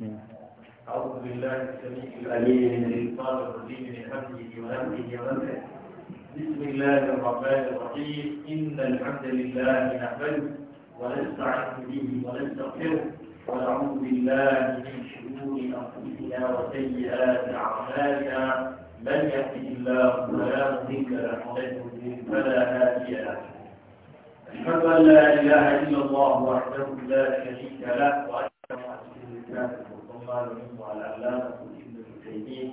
أعوذ بالله السميع العليم من الشيطان الرجيم من همزه ونفسه ونفسه بسم الله الرحمن الرحيم إن الحمد لله نحمده ونستعين به ونستغفره ونعوذ بالله من شرور أنفسنا وسيئات أعمالنا من يهده الله فلا مضل له ومن يضلل فلا هادي له أشهد أن لا إله إلا الله وحده لا شريك له وأشهد أن محمدا رسول الله الرحمن الرحيم والعلامة ابن التيمية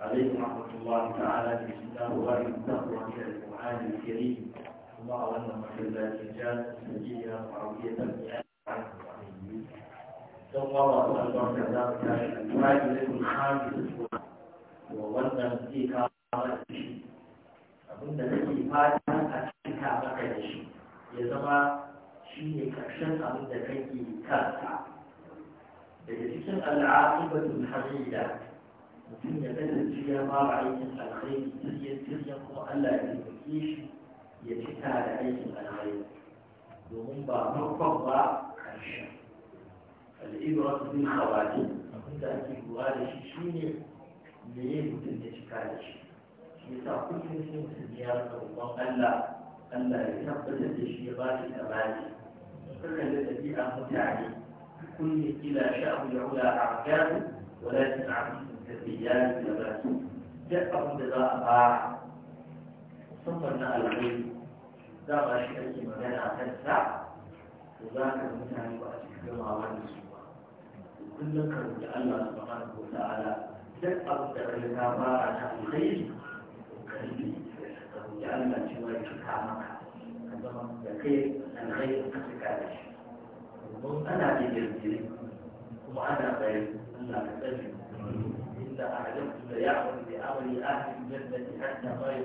عليه رحمة الله تعالى في كتاب غير التقوى من القرآن الكريم ثم أولنا محلات رجال سجية عربية ثم وضع الله كذلك الفائدة الخامسة وولنا في كامل abinda nake fata a cika maka da shi ya zama shi ne ƙarshen abin da kake تكون العاقبة الحقيقة وفي يدل فيها ما رأيت الخير تزيد تزيد وألا يتكيش يتكى لأيه الغير يقوم بمقبضة الشر الإبرة بالخواتم فكنت أكيد بغالي شيء شيني ليه متنتجك على شيء يسا كل شيء سنيار الله ألا ألا يتقبل تشيغات الأمان فكذا تبيع يعني متعليم كل إلى شأن العلا أعجاب ولكن عبيد كالرجال لباس جاءه جزاء باع ثم نأى العلم دار ذا ما شئت مدنا تنسى وذاك المتعب أتكلم عن السوء وكل كرم الله سبحانه وتعالى جاءه جزاء باع عن الخير وكريم جعلنا شوية كامل عندما ذكر الخير كتكالش أنا ana da jirgi kuma ana bai Allah ka tsare inda a halittu da ya'amur da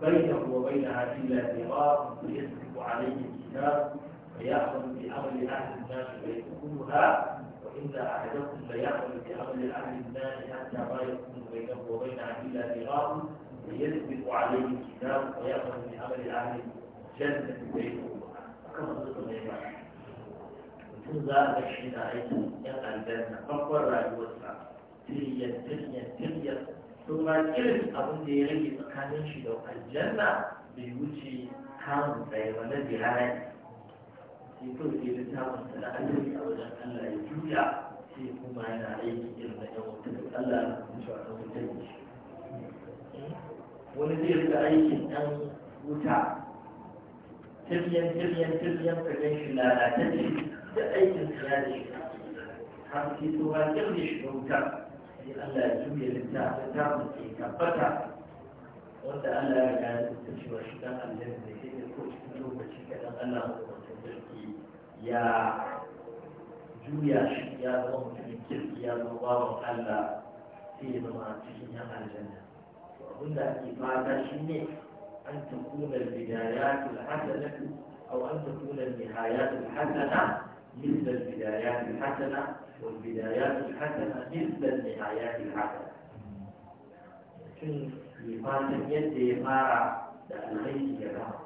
بينه وبينها إلا ذراع يسبق عليه الكتاب فيأخذ بأمر أهل الناس ويكونها وإذا أعلمت ليأخذ بأمر أهل الناس حتى ما يكون بينه وبينها إلا ذراع ويسبق عليه الكتاب فيأخذ بأمر أهل الجنة ويكونها كما mutum za a shi na aikin yan na farkon rayuwarsa tiriyar tiriyar tiriyar sun ma irin abin da ya rage tsakanin shi da aljanna bai wuce kamun tsaye ba na birane sai ko sai da samun na a wajen Allah ya juya sai kuma yana aiki irin da yawon wata Allah ya mutu a kan wutar shi wani zai rika aikin ɗan wuta tiryan tiryan tiryan ka gan shi lalatacce da aikin ya da shi har sai to ba kin da shi wuta sai Allah ya juya linta ta ta mutu tabbata wanda Allah ya ga ta cewa shi dan Allah ne sai ko cikin lokaci kadan Allah ya juya shi ya zama mutumin kirki ya zama bawan Allah sai ya zama cikin yan aljanna abinda ake fata shi ne an takuna bidayatu alhasanatu aw an takuna nihayatu alhasanatu مثل البدايات الحسنة والبدايات الحسنة مثل النهايات الحسنة يفاتن يدي يفارع لأنهيك يبعض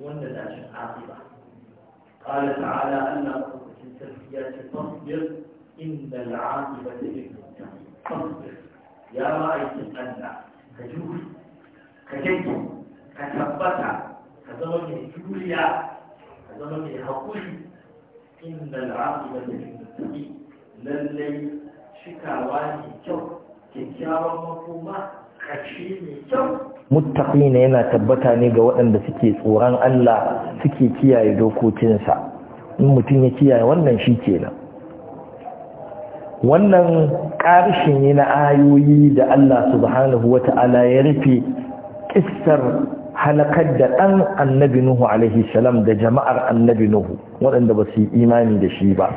وأن لا شقاقبة قال تعالى أن في التزكيات تصبر إن العاقبة للمتقين تصبر يا رأيت أن كجوز كجيت كثبت كزمن جوليا كزمن حقولي Inda إن العاقبة للمتقين للي lallai shikawa ne kyau, kyakkyawan makoma muttaqi ne yana tabbata ne ga waɗanda suke tsoron Allah suke kiyaye dokokinsa in mutum ya kiyaye wannan shi kenan wannan ƙarshe ne na ayoyi da Allah subhanahu ta'ala ya rufe kissar halakar da ɗan annabi Nuhu alaihi salam da jama'ar annabi Nuhu waɗanda ba su yi imani da shi ba.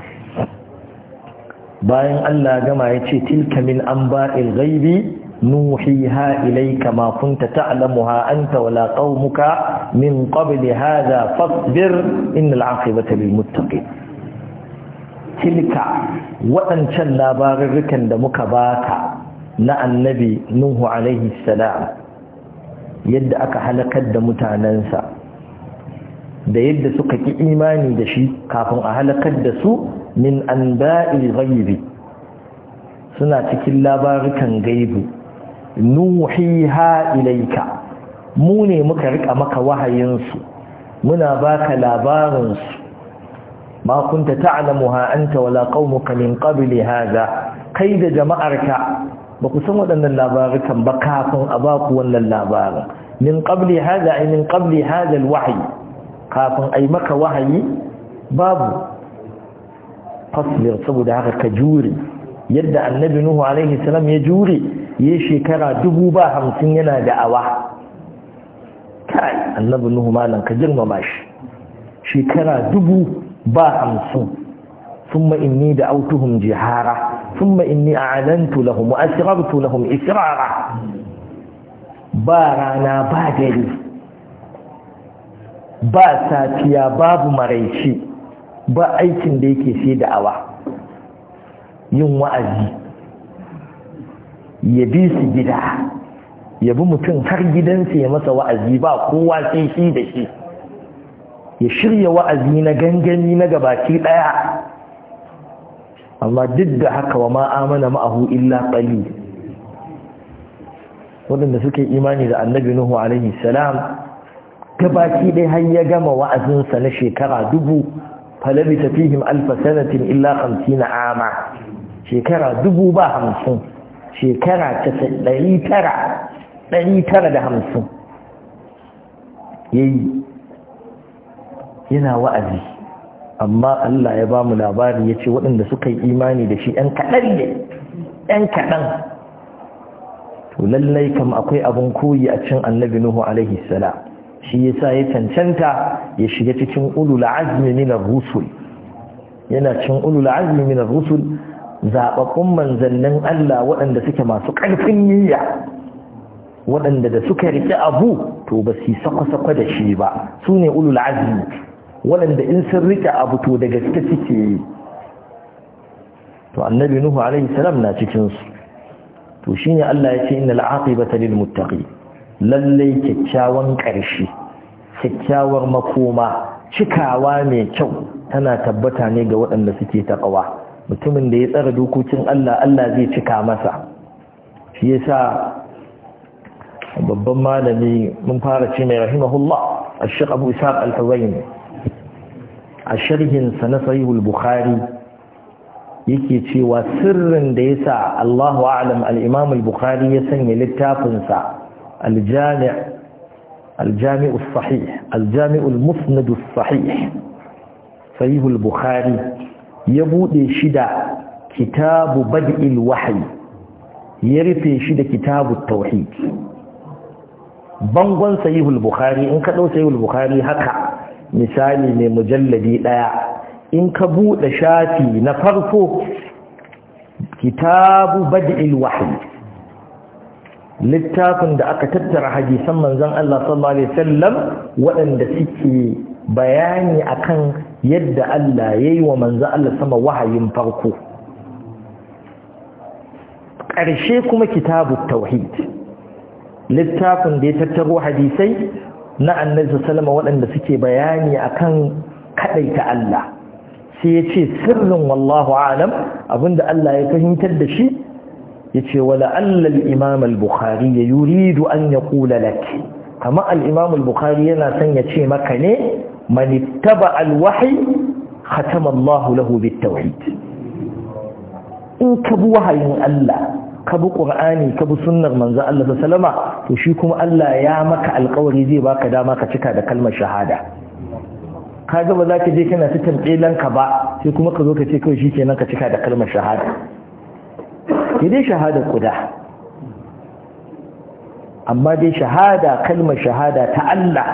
Bayan Allah gama ya ce, Tilka min an ba'il gaibi, nuhi ha ilaika ma kunta ta'lamu ha ta wala ƙaumuka min qabli hadha fasbir innal aqibata lil muttaqin. Tilka waɗancan labarurrukan da muka baka na annabi Nuhu alaihi salam yadda aka halakar da mutanensa da yadda suka ƙi imani da shi kafin a halakar da su min an ba'i ghaibi suna cikin labarukan gaibu nuhiha ilaika mu ne muka rika maka wahayinsu muna baka labarinsu ma kunta ta'lamuha anta wala qaumuka min qabli hadha kai da jama'arka ba ku san waɗannan labarukan ba kafin a ba ku wannan labarin min qabli hadha ay min qabli hadha alwahy kafin ay maka wahayi babu faslir saboda haka ka jure yadda annabi nuhu alaihi salam ya jure ya shekara dubu ba hamsin yana da'awa kai annabi nuhu malam ka girmama shi shekara dubu ba hamsin sun inni da autuhum jihara ثم إني أعلنت لهم وأسررت لهم إسرارا بارانا بادري با ساتيا باب مريشي با أيكن ديكي في دعوة يوم وأزي يبيس جدا yabi mutum har gidansa ya masa wa'azi ba kowa sai shi da shi ya shirya wa'azi na gangami na gabaki daya amma duk da haka wa ma amana ma'ahu illa qalil wadanda suke imani da annabi nuhu alaihi salam gabaki dai har ya gama wa'azinsa na shekara dubu falabi tafihim alfa sanatin illa 50 ama shekara dubu ba hamsin shekara ta ɗari tara ɗari tara da hamsin yayi yana wa'azi amma Allah ya ba mu labari ya ce waɗanda suka yi imani da shi ‘yan kaɗan ne ‘yan kaɗan to lallai kam akwai abin koyi a cin annabi nuhu alaihi salam shi yasa ya cancanta ya shiga cikin ulul azmi min rusul yana cin ulul azmi min rusul manzannin Allah waɗanda suke masu ƙarfin niyya waɗanda da suka riƙe abu to ba su sako-sako da shi ba su ne ulul waɗanda in sun rike abu to da gaske suke yi to annabi nuhu alaihi salam na cikinsu. su to shine Allah ya ce innal aqibata lil muttaqi lalle kyakkyawan ƙarshe kyakkyawar makoma cikawa mai kyau tana tabbata ne ga waɗanda suke taƙawa mutumin da ya tsara dokokin Allah Allah zai cika masa shi yasa babban malami mun fara ce mai rahimahullah al-shaykh Abu isa al a sharhinsa na sahihul bukhari yake cewa sirrin da ya sa Allahu alam al al-bukhari ya sanya littafinsa al-jami' al sahih al sahih bukhari ya bude shi da kitabu bad'il wahyi ya rufe shi da kitabu tauhid bangon sahih bukhari in ka ɗau sahihul bukhari haka misali ne mujalladi ɗaya in ka buɗe shafi na farko kitabu bad'il wahyi littafin da aka tattara hadisan manzon Allah sallallahu alaihi wasallam waɗanda suke bayani akan yadda Allah yayi wa manzon Allah sama wahayin farko ƙarshe kuma kitabu tauhid littafin da ya tattaro hadisai na annabi sallama waɗanda suke bayani akan kadaita Allah sai ya ce sirrin wallahu alam abinda Allah ya fahimtar da shi ya ce wala allal imam al-bukhari ya yuridu an ya kula laki kama al-imam al-bukhari yana son ya ce maka ne manittaba al-wahi khatama Allah lahu bit-tauhid in ka bu wahayin Allah ka bi qur'ani ka bi sunnar manzo Allah sallama to shi kuma Allah ya maka alkawari zai baka dama ka cika da kalmar shahada ka ga ba za ka je kana cikin ka ba sai kuma ka zo ka ce kawai shi kenan ka cika da kalmar shahada ke dai shahada kuda amma dai shahada kalmar shahada ta Allah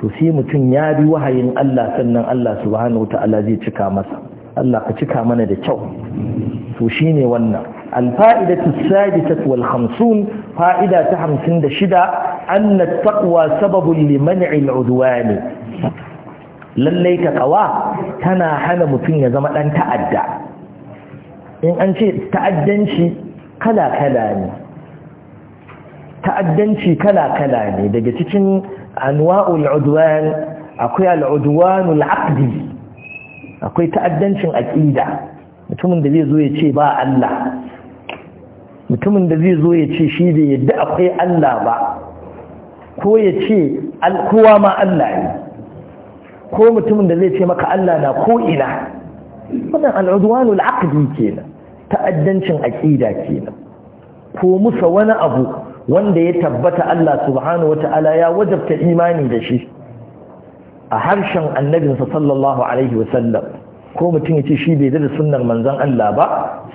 to sai mutum ya bi wahayin Allah sannan Allah subhanahu wata'ala zai cika masa Allah ka cika mana da kyau to shine wannan الفائدة السادسة والخمسون فائدة تحم سند شدة أن التقوى سبب لمنع العدوان lallai ta kawa tana hana mutum ya zama ɗan ta'adda in an ce ta'addanci kala-kala ne ta'addanci kala-kala ne daga cikin anwa'ul udwan akwai al'udwanul aqdi akwai ta'addancin aqida mutumin da zai zo ya ce ba Allah mutumin da zai zo ya ce shi da yadda akwai Allah ba ko ya ce kowa ma Allah ne ko mutumin da zai ce maka Allah na ko ina wannan al'udwanul aqdi kenan ta'addancin aqida kenan ko musa wani abu wanda ya tabbata Allah subhanahu wata'ala ya wajabta imani da shi a harshen annabinsa sallallahu alaihi wasallam ko mutum ya ce shi bai da sunnar manzon Allah ba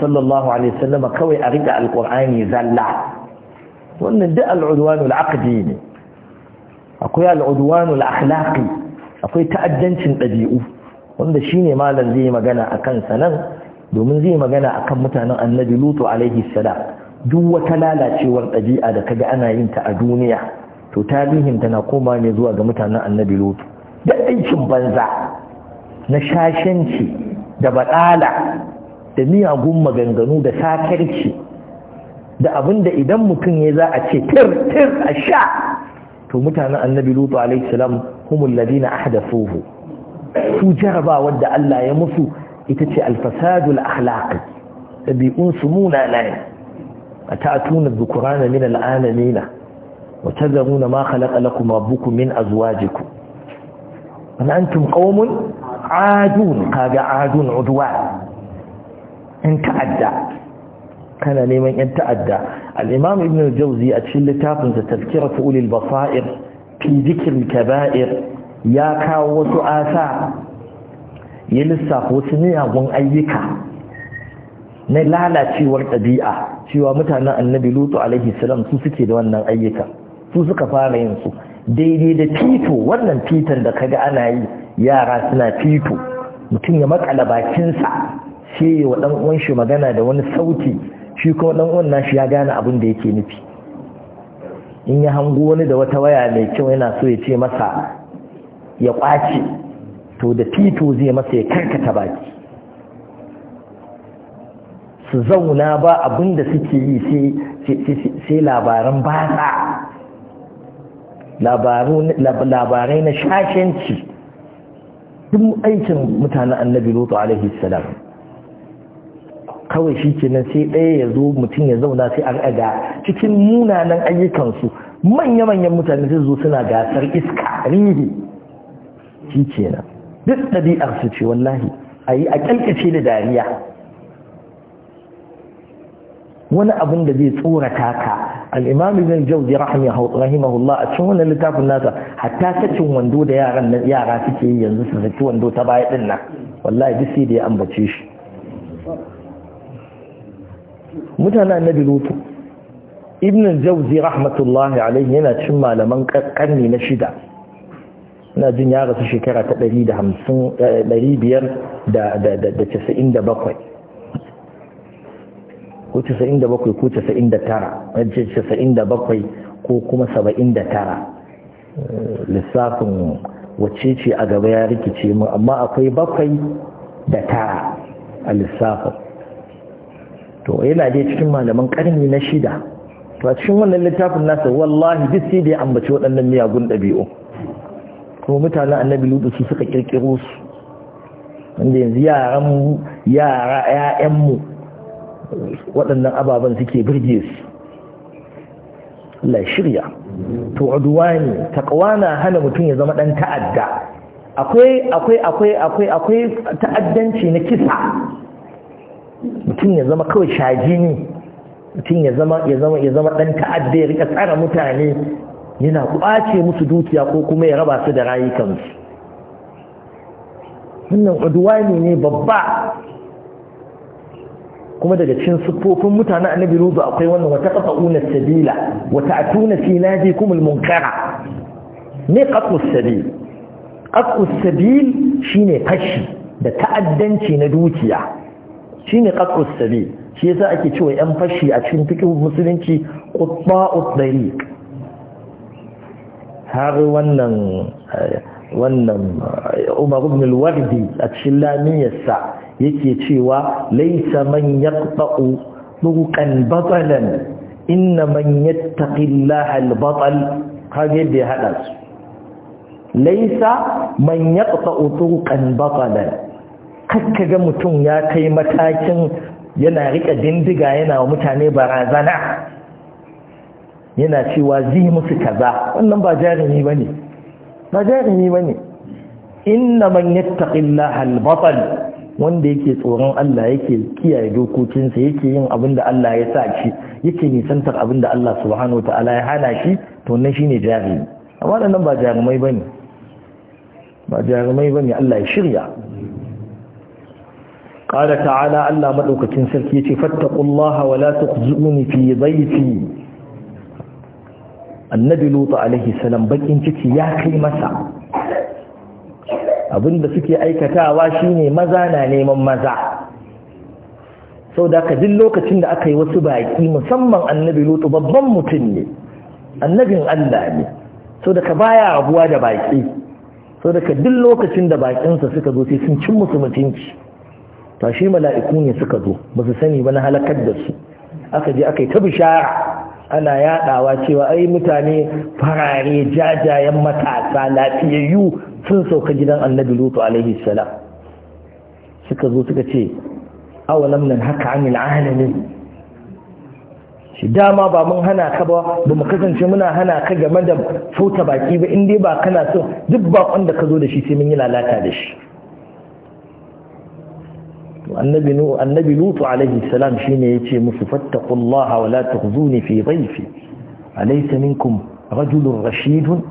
sallallahu alaihi wasallam kawai a rika alqur'ani zalla wannan da al'udwanul aqdi ne akwai al'udwanul akhlaqi akwai ta'addancin dabi'u wanda shine malam zai yi magana akan sanan domin zai magana akan mutanen annabi lutu alaihi salam duk wata lalacewar dabi'a da kaga ana yin ta a duniya to tarihin tana koma ne zuwa ga mutanen annabi lutu da aikin banza na shashanci da baɗala da miyagun maganganu da sakarci da abinda idan mutum ya za a ce tir tir a sha to mutanen annabi lutu alaihi salam humul ladina ahdathuhu su jaraba wadda Allah ya musu ita ce alfasadul akhlaqi dabi'un sumuna munana atatuna dhukurana min al'alamin wa tadhuruna ma khalaqa lakum rabbukum min azwajikum an antum qaumun adun kaga adun udwa in ta'adda kana neman yan ta'adda al-imam ibn al-jawzi a cikin littafin sa tazkiratu ulil basair fi dhikr al-kaba'ir ya kawo wasu asa ya lissafa wasu miyagun ayyuka na lalacewar ɗabi'a cewa mutanen annabi lutu alaihi salam su suke da wannan ayyuka su suka fara yin su daidai da fito wannan fitar da kaga ana yi yara suna fito mutum ya makala bakinsa sai wa ɗan shi magana da wani sauti shi kuma ɗan'uwan na nashi ya gane abin da yake nufi in ya hango wani da wata waya mai kyau yana so ya ce masa ya ƙwace to da fito zai masa ya karkata baki su zauna ba abin da suke yi sai labaran ba labarai na shashenci duk aikin mutanen annabi lutu alaihi salam kawai shi nan sai ɗaya ya zo mutum ya zauna sai an aga cikin munanan ayyukansu manya-manyan mutane sai zo suna gasar iska rihi shi nan duk ɗabi'arsu ce wallahi a yi a ƙyalƙace da dariya wani abin da zai tsorata ka al'imam ibn jauzi rahimahullah a cikin wannan littafin nasa hatta sacin wando da yaran yara suke yi yanzu su wando ta baya din nan wallahi duk sai da ya ambace shi mutanen annabi lutu ibn jauzi rahmatullahi alaihi yana cikin malaman karni na shida ina jin ya rasu shekara ta da bakwai. ko 97 ko 99 ko kuma 79 lissafin wacce ce a gaba ya rikice mu amma akwai bakwai da tara a lissafin to yana dai cikin malaman karni na shida to a cikin wannan littafin nasa wallahi duk sai da ya ambaci waɗannan miyagun ɗabi'u kuma mutanen annabi ludu su suka kirkiro su wanda yanzu yaran yara mu waɗannan ababen suke birge su Allah shirya to udwani na hana mutum ya zama dan ta'adda akwai akwai akwai akwai akwai ta'addanci na kisa mutum ya zama kawai ne. mutum ya zama ya zama ya zama dan ta'adda ya rika tsara mutane yana kwace musu dukiya ko kuma ya raba su da rayukansu wannan udwani ne babba kuma daga cikin siffofin mutane annabi ruzu akwai wannan wata qata'una sabila wa ta'tuna fi nadikum al-munkara ne qat'u sabil qat'u sabil shine fashi da ta'addanci na dukiya shine qat'u sabil shi yasa ake cewa yan fashi a cikin fiqh musulunci qutba'u dariq har wannan eh, wannan umar ibn al-wardi a cikin lamiyarsa yake cewa laisa man yaqta'u nuqan batalan inna man yattaqillaha al-batal kage da hada su laisa man yaqta'u tuqan batalan kakkaga mutum ya kai matakin yana rika dindiga yana wa mutane barazana yana cewa zai musu kaza wannan ba jarumi bane ba jarumi ba ne inna man yattaqillaha al-batal wanda yake tsoron Allah yake kiyaye dokokinsa yake yin abin da Allah ya sa shi yake nisantar abin da Allah subhanahu wa ta'ala ya hana shi to wannan shine jarumi amma nan ba jarumai bane ba jarumai bane Allah ya shirya qala ta'ala Allah madaukakin sarki yace fattaqullaha wa la tukhzuni fi dhayfi annabi lutu alaihi salam bakin ciki ya kai masa abinda suke aikatawa shine maza na neman maza sau da aka duk lokacin da aka yi wasu baki musamman annabi lutu babban mutum ne annabin allah ne sau da ka baya abuwa da baki sau da ka duk lokacin da bakinsa suka zo sai sun cin musu mutunci to shi mala'iku ne suka zo ba su sani ba na halakar da su aka je aka yi ta bishara ana yaɗawa cewa ai mutane farare jajayen matasa lafiyayyu sun sauka gidan annabi lutu alaihi salam suka zo suka ce awalam nan haka amin alamin dama ba mun hana ka ba ba mu kasance muna hana ka game da fota baki ba in ba kana so duk bakon da ka zo da shi sai mun yi lalata da shi annabi nu annabi lutu alaihi salam shine yace musu fattaqullaha wa la tukhzuni fi a alaysa minkum rajulun rashidun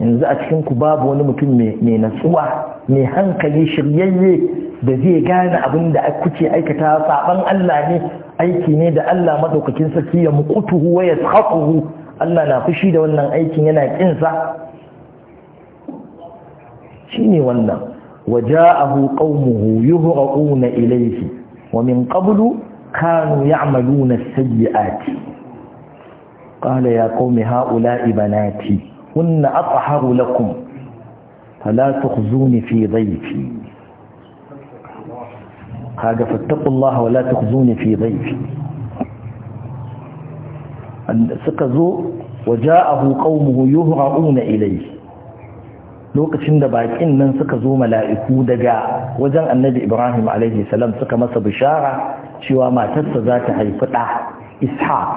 yanzu a cikin ku babu wani mutum mai natsuwa mai hankali shiryayye da zai gane abin da kuke aikata saban Allah ne aiki ne da Allah madaukakin sarki ya muqutuhu wa Allah na fushi da wannan aikin yana kinsa shine wannan waja'ahu qaumuhu yuhra'una ilayhi wa min qablu kanu ya'maluna as-sayyi'ati qala ya qaumi ha'ula'i banati kunna atahharu lakum fala tukhzuni fi dayfi kaga fattaqullaha wa la tukhzuni fi dhayfi suka zo waja'ahu qaumuhu yuhra'una ilayhi lokacin da baƙin nan suka zo mala'iku daga wajen annabi ibrahim alaihi salam suka masa bishara cewa matarsa za ta haifi ɗa ishaq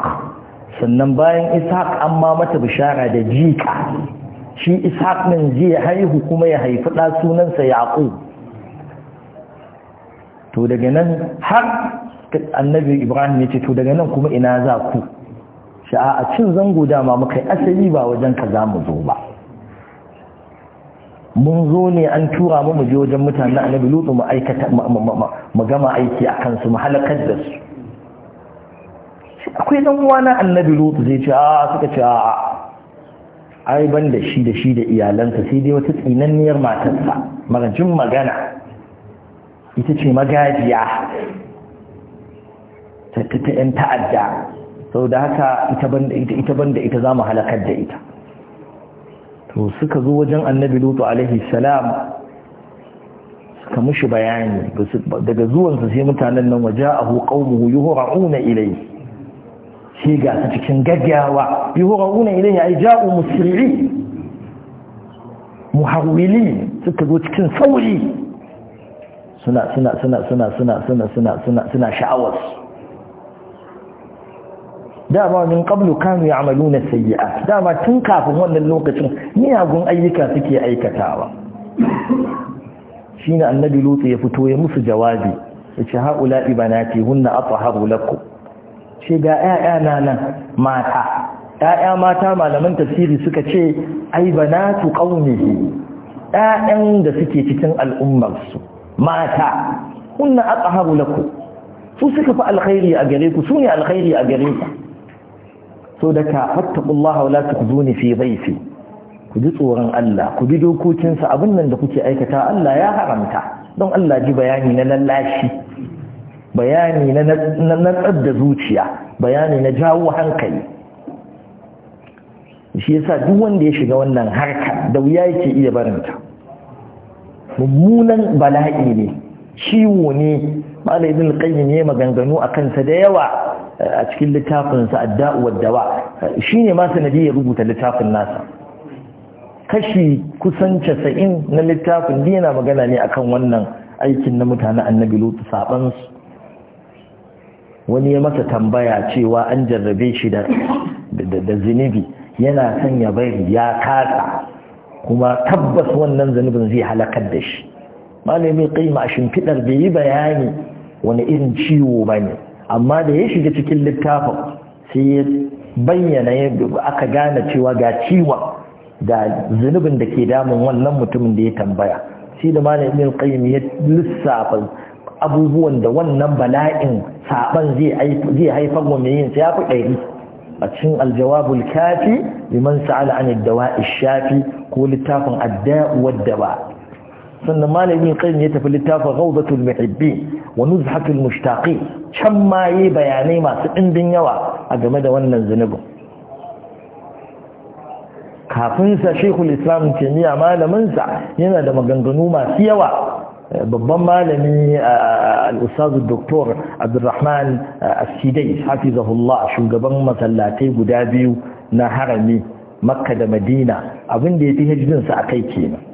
sannan bayan ishaq an ma mata bishara da jika shi ishaq nan zai haihu kuma ya haifi ɗa sunansa yaƙo to daga nan har annabi ibrahim ya ce to daga nan kuma ina za ku sha'a cin zango dama muka yi asali ba wajen ka za mu zo ba mun zo ne an tura mu mu je wajen mutanen annabi lutu mu aikata mu gama aiki a kansu mu halakar da su akwai dan uwa na annabi lutu zai ce a suka ce a ai ban da shi da shi da iyalansa sai dai wata tsinanniyar matarsa magancin magana ita ce magajiya ta ta yan ta'adda sau da haka ita banda ita za mu halakar da ita to suka zo wajen annabi lutu alaihi salam suka mushi bayani daga zuwansa sai mutanen nan waje a hukaumu yuhura'una ilai shi ga su cikin gaggawa yuhura'una ilai ya yi ja'u musiri muhawili suka zo cikin sauri suna suna suna suna suna suna suna suna sha'awarsu dama min qablu kanu ya'maluna sayyi'at dama tun kafin wannan lokacin miyagun ayyuka suke aikatawa shine annabi lutu ya fito ya musu jawabi yace haula ibanati hunna athaharu lakum ce ga ƴaƴa na nan mata ƴaƴa mata malaman tafsiri suka ce ai banatu qaumihi ƴaƴan da suke cikin al'ummar su mata hunna athaharu lakum su suka fi alkhairi a gare ku su ne alkhairi a gare ku so daga Allah wala tukhzuni fi dhayfi ku ji tsoron Allah ku bi dokokinsa abin nan da kuke aikata Allah ya haramta don Allah ji bayani na lallashi bayani na na da zuciya bayani na jawo hankali shi yasa duk wanda ya shiga wannan harka da wuya yake iya barinta mummunan bala'i ne ciwo ne malai ibn ne maganganu akan sa da yawa a cikin littafinsa adda'u dawa shine ma nabi ya rubuta littafin nasa kashi kusan casa'in na littafin din yana magana ne akan wannan aikin na mutanen annabi lutu su wani ya masa tambaya cewa an jarrabe shi da zunubi yana sanya ya bari ya kasa kuma tabbas wannan zunubin zai halakar da shi malami kaima a shimfiɗar bai yi bayani wani irin ciwo bane. amma da ya shiga cikin littafin sai ya bayyana aka gane cewa ga ciwon da zunubin da ke damun wannan mutumin da ya tambaya shi da malam ibn qayyim ya lissafa abubuwan da wannan bala'in saban zai haifar wa mai yin sa ya fi ɗari a cikin aljawabul kafi liman sa'ala an yadda shafi ko littafin adda'u wadda ba sannan malam qayyim ya tafi littafin rauzatul muhibbin wa nuzhatul mushtaqi can ma yi bayanai masu ɗimbin yawa a game da wannan zunubin kafin sa shekul islam kimiyya malaminsa yana da maganganu masu yawa babban malami al'usazu doktor abdurrahman asidai hafizahullah shugaban masallatai guda biyu na harami makka da madina abin da ya fi hajjinsa a kai kenan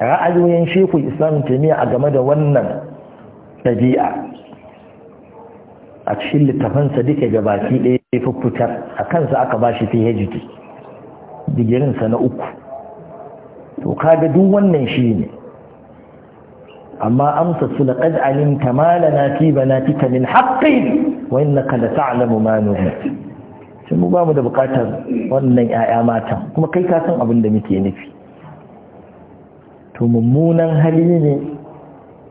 ra'ayoyin shekul islam taimiyya a game da wannan ɗabi'a a cikin littafansa duka gabaki ɗaya fuffutar a kansa aka ba shi phd digirinsa na uku to kaga duk wannan shi ne amma amsa su na ƙad kamala na fi banatika min haƙƙin wa innaka la ta'lamu ma nuhu. nuhi mu ba mu da buƙatar wannan 'ya'ya matan kuma kai ka san abin da muke nufi to mummunan hali ne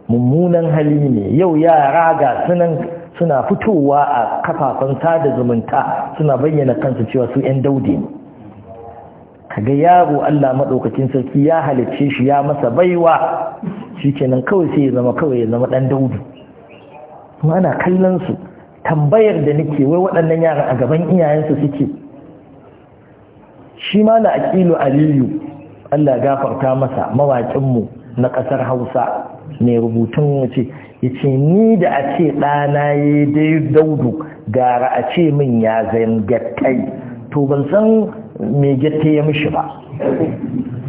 mummunan hali ne yau yara ga sunan suna fitowa a kafafen sada zumunta suna bayyana kansu cewa su 'yan daudi ne kaga yaro Allah madaukakin sarki ya halicce shi ya masa baiwa shi kawai sai ya zama kawai ya zama ɗan daudu kuma ana kallon su tambayar da nake wai waɗannan yaran a gaban iyayensu suke shi ma na aƙilu aliyu Allah ya gafarta masa mawaƙinmu na ƙasar Hausa mai rubutun ce yace ni da a ce ɗana ya dai daudu gara a ce min ya zan gattai to ban san mai gattai ya mishi ba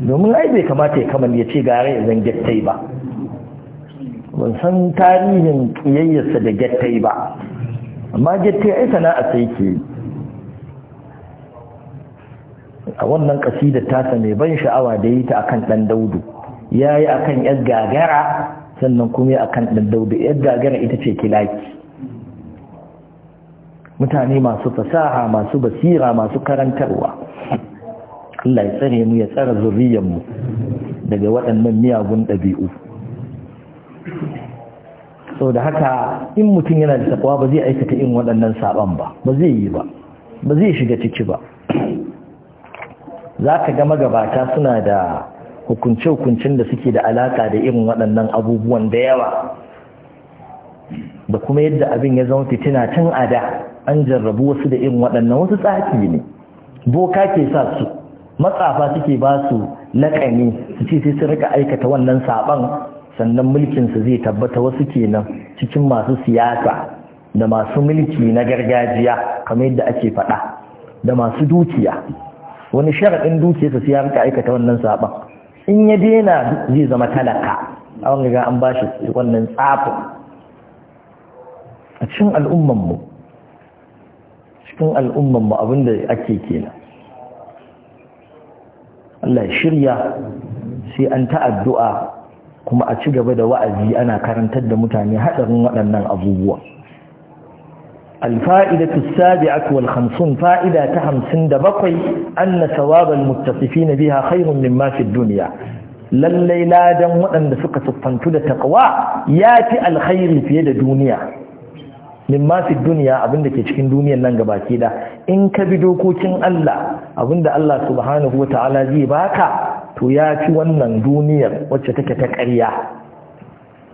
domin ai bai kamata ya kamar ya ce gara ya zan gattai ba ban san tarihin ƙiyayyarsa da gattai ba amma gattai ai sana'a sai ke yi a wannan kasidar tasa mai ban sha'awa da yi ta akan dan daudu ya yi akan ƴar gagara sannan kuma akan dan daudu yar gagara ita ce kilaki mutane masu fasaha masu basira masu karantarwa Allah ya tsare mu ya tsara mu daga waɗannan miyagun ɗabi'u so da haka in mutum yana da takwa ba zai aikata in waɗannan saɓan ba ba zai yi ba ba zai shiga ciki ba za ka ga magabata suna da hukunce-hukuncen da suke da alaƙa da irin waɗannan abubuwan da yawa da kuma yadda abin ya zama fitina tun a da an jarrabu wasu da irin waɗannan wasu tsafi ne boka ke sa su matsafa suke ba su laƙani su ce sai su rika aikata wannan saɓan sannan mulkinsu zai tabbata wasu kenan cikin masu siyasa da masu mulki na gargajiya kamar yadda ake faɗa da masu dukiya wani sharaɗin dukiyarsa sai ya rika aikata wannan saban in ya daina zai zama talaka A an riga an ba shi wannan tsafin a cikin al'umman mu cikin al'umman abinda ake kenan Allah ya shirya sai an ta addu'a kuma a ci gaba da wa'azi ana karantar da mutane haɗarin waɗannan abubuwa الفائدة السابعة والخمسون فائدة تهمسن دبقي أن ثواب المتصفين بها خير مما في الدنيا للي لا دم وأن سقة الطنتود تقوى ياتي الخير في يد الدنيا مما في الدنيا أبن لك يشكين دنيا ننقبا كده إن كبدوكو تن الله أبن الله سبحانه وتعالى زي باكا تو ياتي ونن دنيا وتشتك تكريا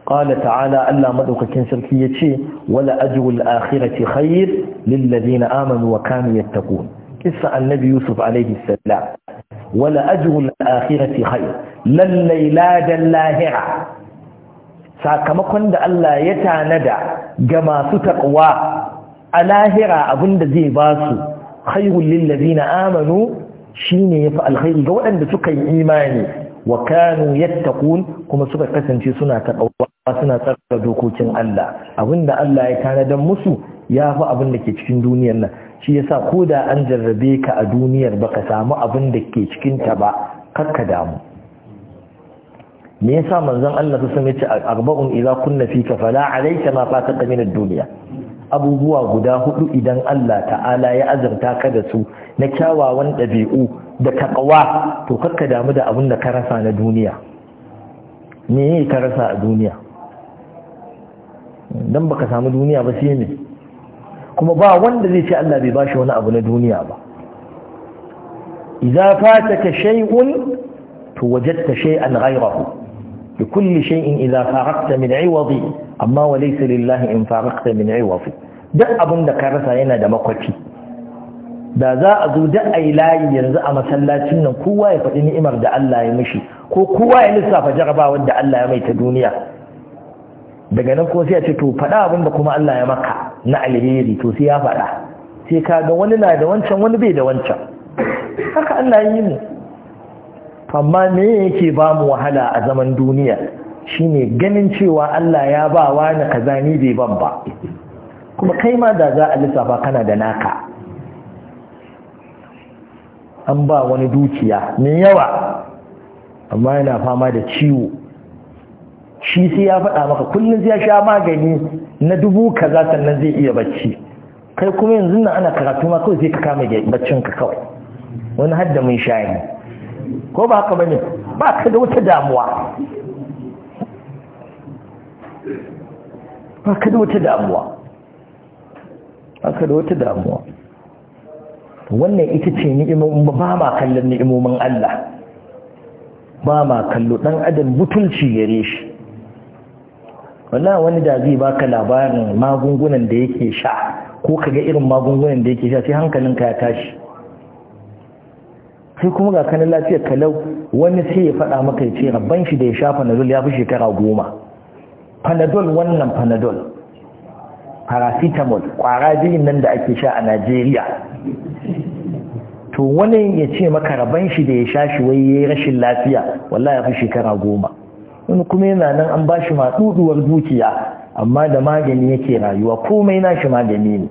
قال تعالى ألا مدوك كنسركية ولا أجر الآخرة خير للذين آمنوا وكانوا يتقون قصة النبي يوسف عليه السلام ولا أجر الآخرة خير للليلا جلاهرة sakamakon da Allah ya tanada ga masu taƙwa a lahira abinda zai ba su khairul lillazina amanu shine yafi alkhairi ga waɗanda suka yi imani wa kanu yattaqun kuma suka kasance suna ta taɓawa suna tsara dokokin Allah abinda Allah ya tanadan musu ya fi abin da ke cikin duniyar nan shi yasa ko da an jarrabe ka a duniyar baka samu abin da ke cikin ta ba kakka damu me yasa manzon Allah su sami ci arba'un idza kunna fika fala alayka ma fataka min ad-dunya abubuwa guda hudu idan Allah ta'ala ya azurta ka da su na kyawawan ɗabi'u da taƙawa to kakka damu da abin da ka rasa na duniya me ne ka rasa a duniya don baka samu duniya ba sai ne kuma ba wanda zai ce Allah bai bashi wani abu na duniya ba idza fataka shay'un to wajadta shay'an ghayrahu لكل min إذا amma من عوضي in وليس min إن فارقت abun da ka rasa yana da makwati da za a zo da a yi layi yanzu a masallacin nan kowa ya faɗi ni'imar da Allah ya mishi ko kowa ya lissafa jarabawar da Allah ya mai ta duniya daga nan ko sai a ce to faɗa abin da kuma Allah ya maka na alheri to sai ya faɗa sai ka ga wani na da wancan wani bai da wancan haka Allah ya yi mu amma me yake ba mu wahala a zaman duniya shine ganin cewa Allah ya ba wani kaza ni bai ban ba kuma kai ma da za a lissafa kana da naka an ba wani dukiya mai yawa amma yana fama da ciwo shi sai ya faɗa maka kullum sai ya sha magani na dubu kaza sannan zai iya bacci kai kuma yanzu nan ana karatu ma kawai sai ka kama baccin ka kawai wani hadda mun shayi ko ba haka bane ba ka da wata damuwa ba ka da wata damuwa ba ka da wata damuwa wannan ita ce ni'imomin ba ma kallon ni'imomin Allah ba ma kallo dan adam mutunci gare shi wallahi wani da zai baka labarin magungunan da yake sha ko kaga irin magungunan da yake sha sai hankalinka ya tashi sai kuma ga kanin lafiyar kalau wani sai ya faɗa maka ya ce rabban shi da ya sha panadol ya fi shekara goma panadol wannan panadol paracetamol kwara biyun nan da ake sha a Najeriya to wani ya ce maka raban shi da ya sha shi wai ya yi rashin lafiya wallahi ya fi shekara goma wani kuma yana nan an ba shi matsuduwar dukiya amma da magani yake rayuwa komai na shi magani ne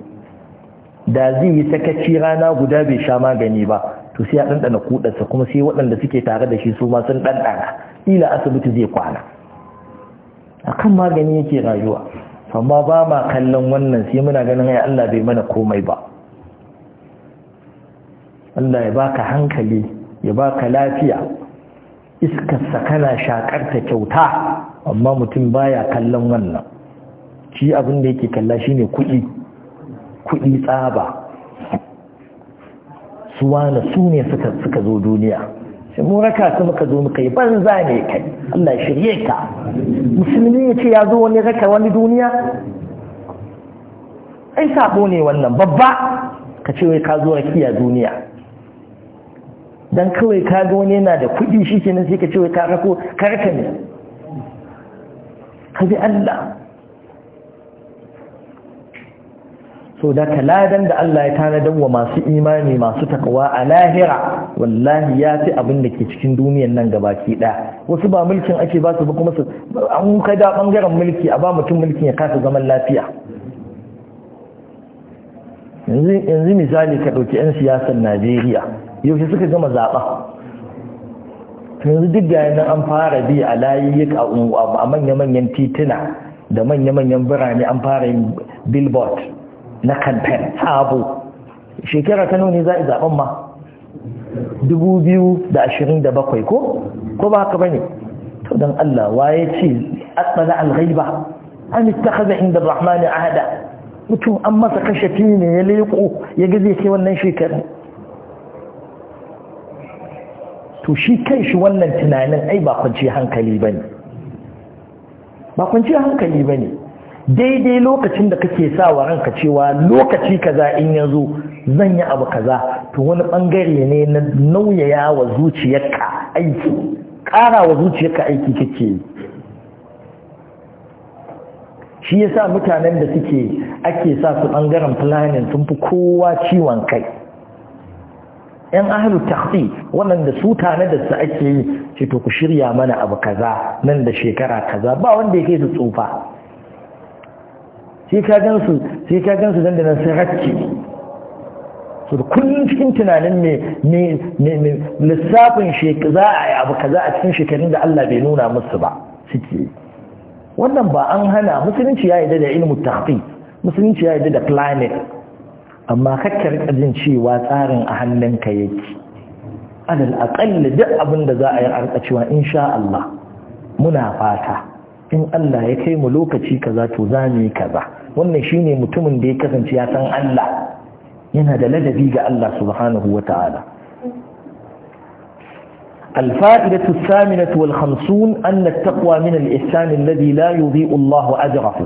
da zai yi sakaci rana guda bai sha magani ba to sai ya ɗanɗana kuɗarsa kuma sai waɗanda suke tare da shi su ma sun ɗanɗana ila asibiti zai kwana akan magani yake rayuwa amma ba ma kallon wannan sai muna ganin ai Allah bai mana komai ba Allah ya baka hankali ya baka lafiya iskar sakana shakar ta kyauta amma mutum baya kallon wannan shi abin da yake kalla shine kuɗi kuɗi tsaba su wane su ne suka zo duniya Sai mu raka su muka zo muka yi banza ne kai Allah ya shirye ka musulmi ya ce ya zo wani raka wani duniya ai sabo ne wannan babba ka ce wai ka zo rakiya duniya dan kawai ka ga wani yana da kuɗi shi sai ka ce wai ka rako ka raka ne ka bi Allah so da kaladan da Allah ya tanada wa masu imani masu takawa a lahira wallahi ya fi abin da ke cikin duniyan nan ke ɗaya wasu ba mulkin ake ba su ba kuma su an da bangaren mulki a ba mutum mulkin ya kasa zaman lafiya yanzu misali ka ɗauki 'yan siyasar najeriya yaushe suka gama zaɓa yanzu duk yayin an fara bi a layi a manya-manyan tituna da manya-manyan birane an fara yin billboard na kamfen sabo shekara ta nuni za a zaɓen ma 2027 ko ko ba haka ba ne to don Allah waye ce asala alghaiba an ittakhadha inda a ahada mutum an masa kashe ne ya leko ya gaze zai wannan shekarun to shi kai shi wannan tunanin ai ba kwanci hankali bane ba kwanci hankali bane daidai lokacin da kake sa wa ranka cewa lokaci kaza in ya zan yi abu kaza to wani bangare ne na nauyaya wa zuciyarka aiki ƙara wa zuciyarka aiki kake yi shi yasa mutanen da suke ake sa su bangaren planning sun fi kowa ciwon kai yan ahalu taɗi waɗanda su tare da su ake yi ce to ku shirya mana abu kaza nan da shekara kaza ba wanda ya kai su tsufa sai ka gansu sai ka gansu dan da nan sai hakki su kullum cikin tunanin me lissafin shekaru za a yi abu kaza a cikin shekarun da Allah bai nuna musu ba suke wannan ba an hana musulunci ya yarda da ilmu tahqiq musulunci ya yarda da planet amma kakkar jin cewa tsarin a ka yake alal aqall duk abin da za a yi arka cewa insha Allah muna fata in Allah ya kai mu lokaci kaza to za mu yi kaza wannan shine mutumin da ya kasance ya san Allah yana da ladabi ga Allah subhanahu wa ta'ala الفائدة الثامنة والخمسون أن التقوى من الإحسان الذي لا يضيء الله أجره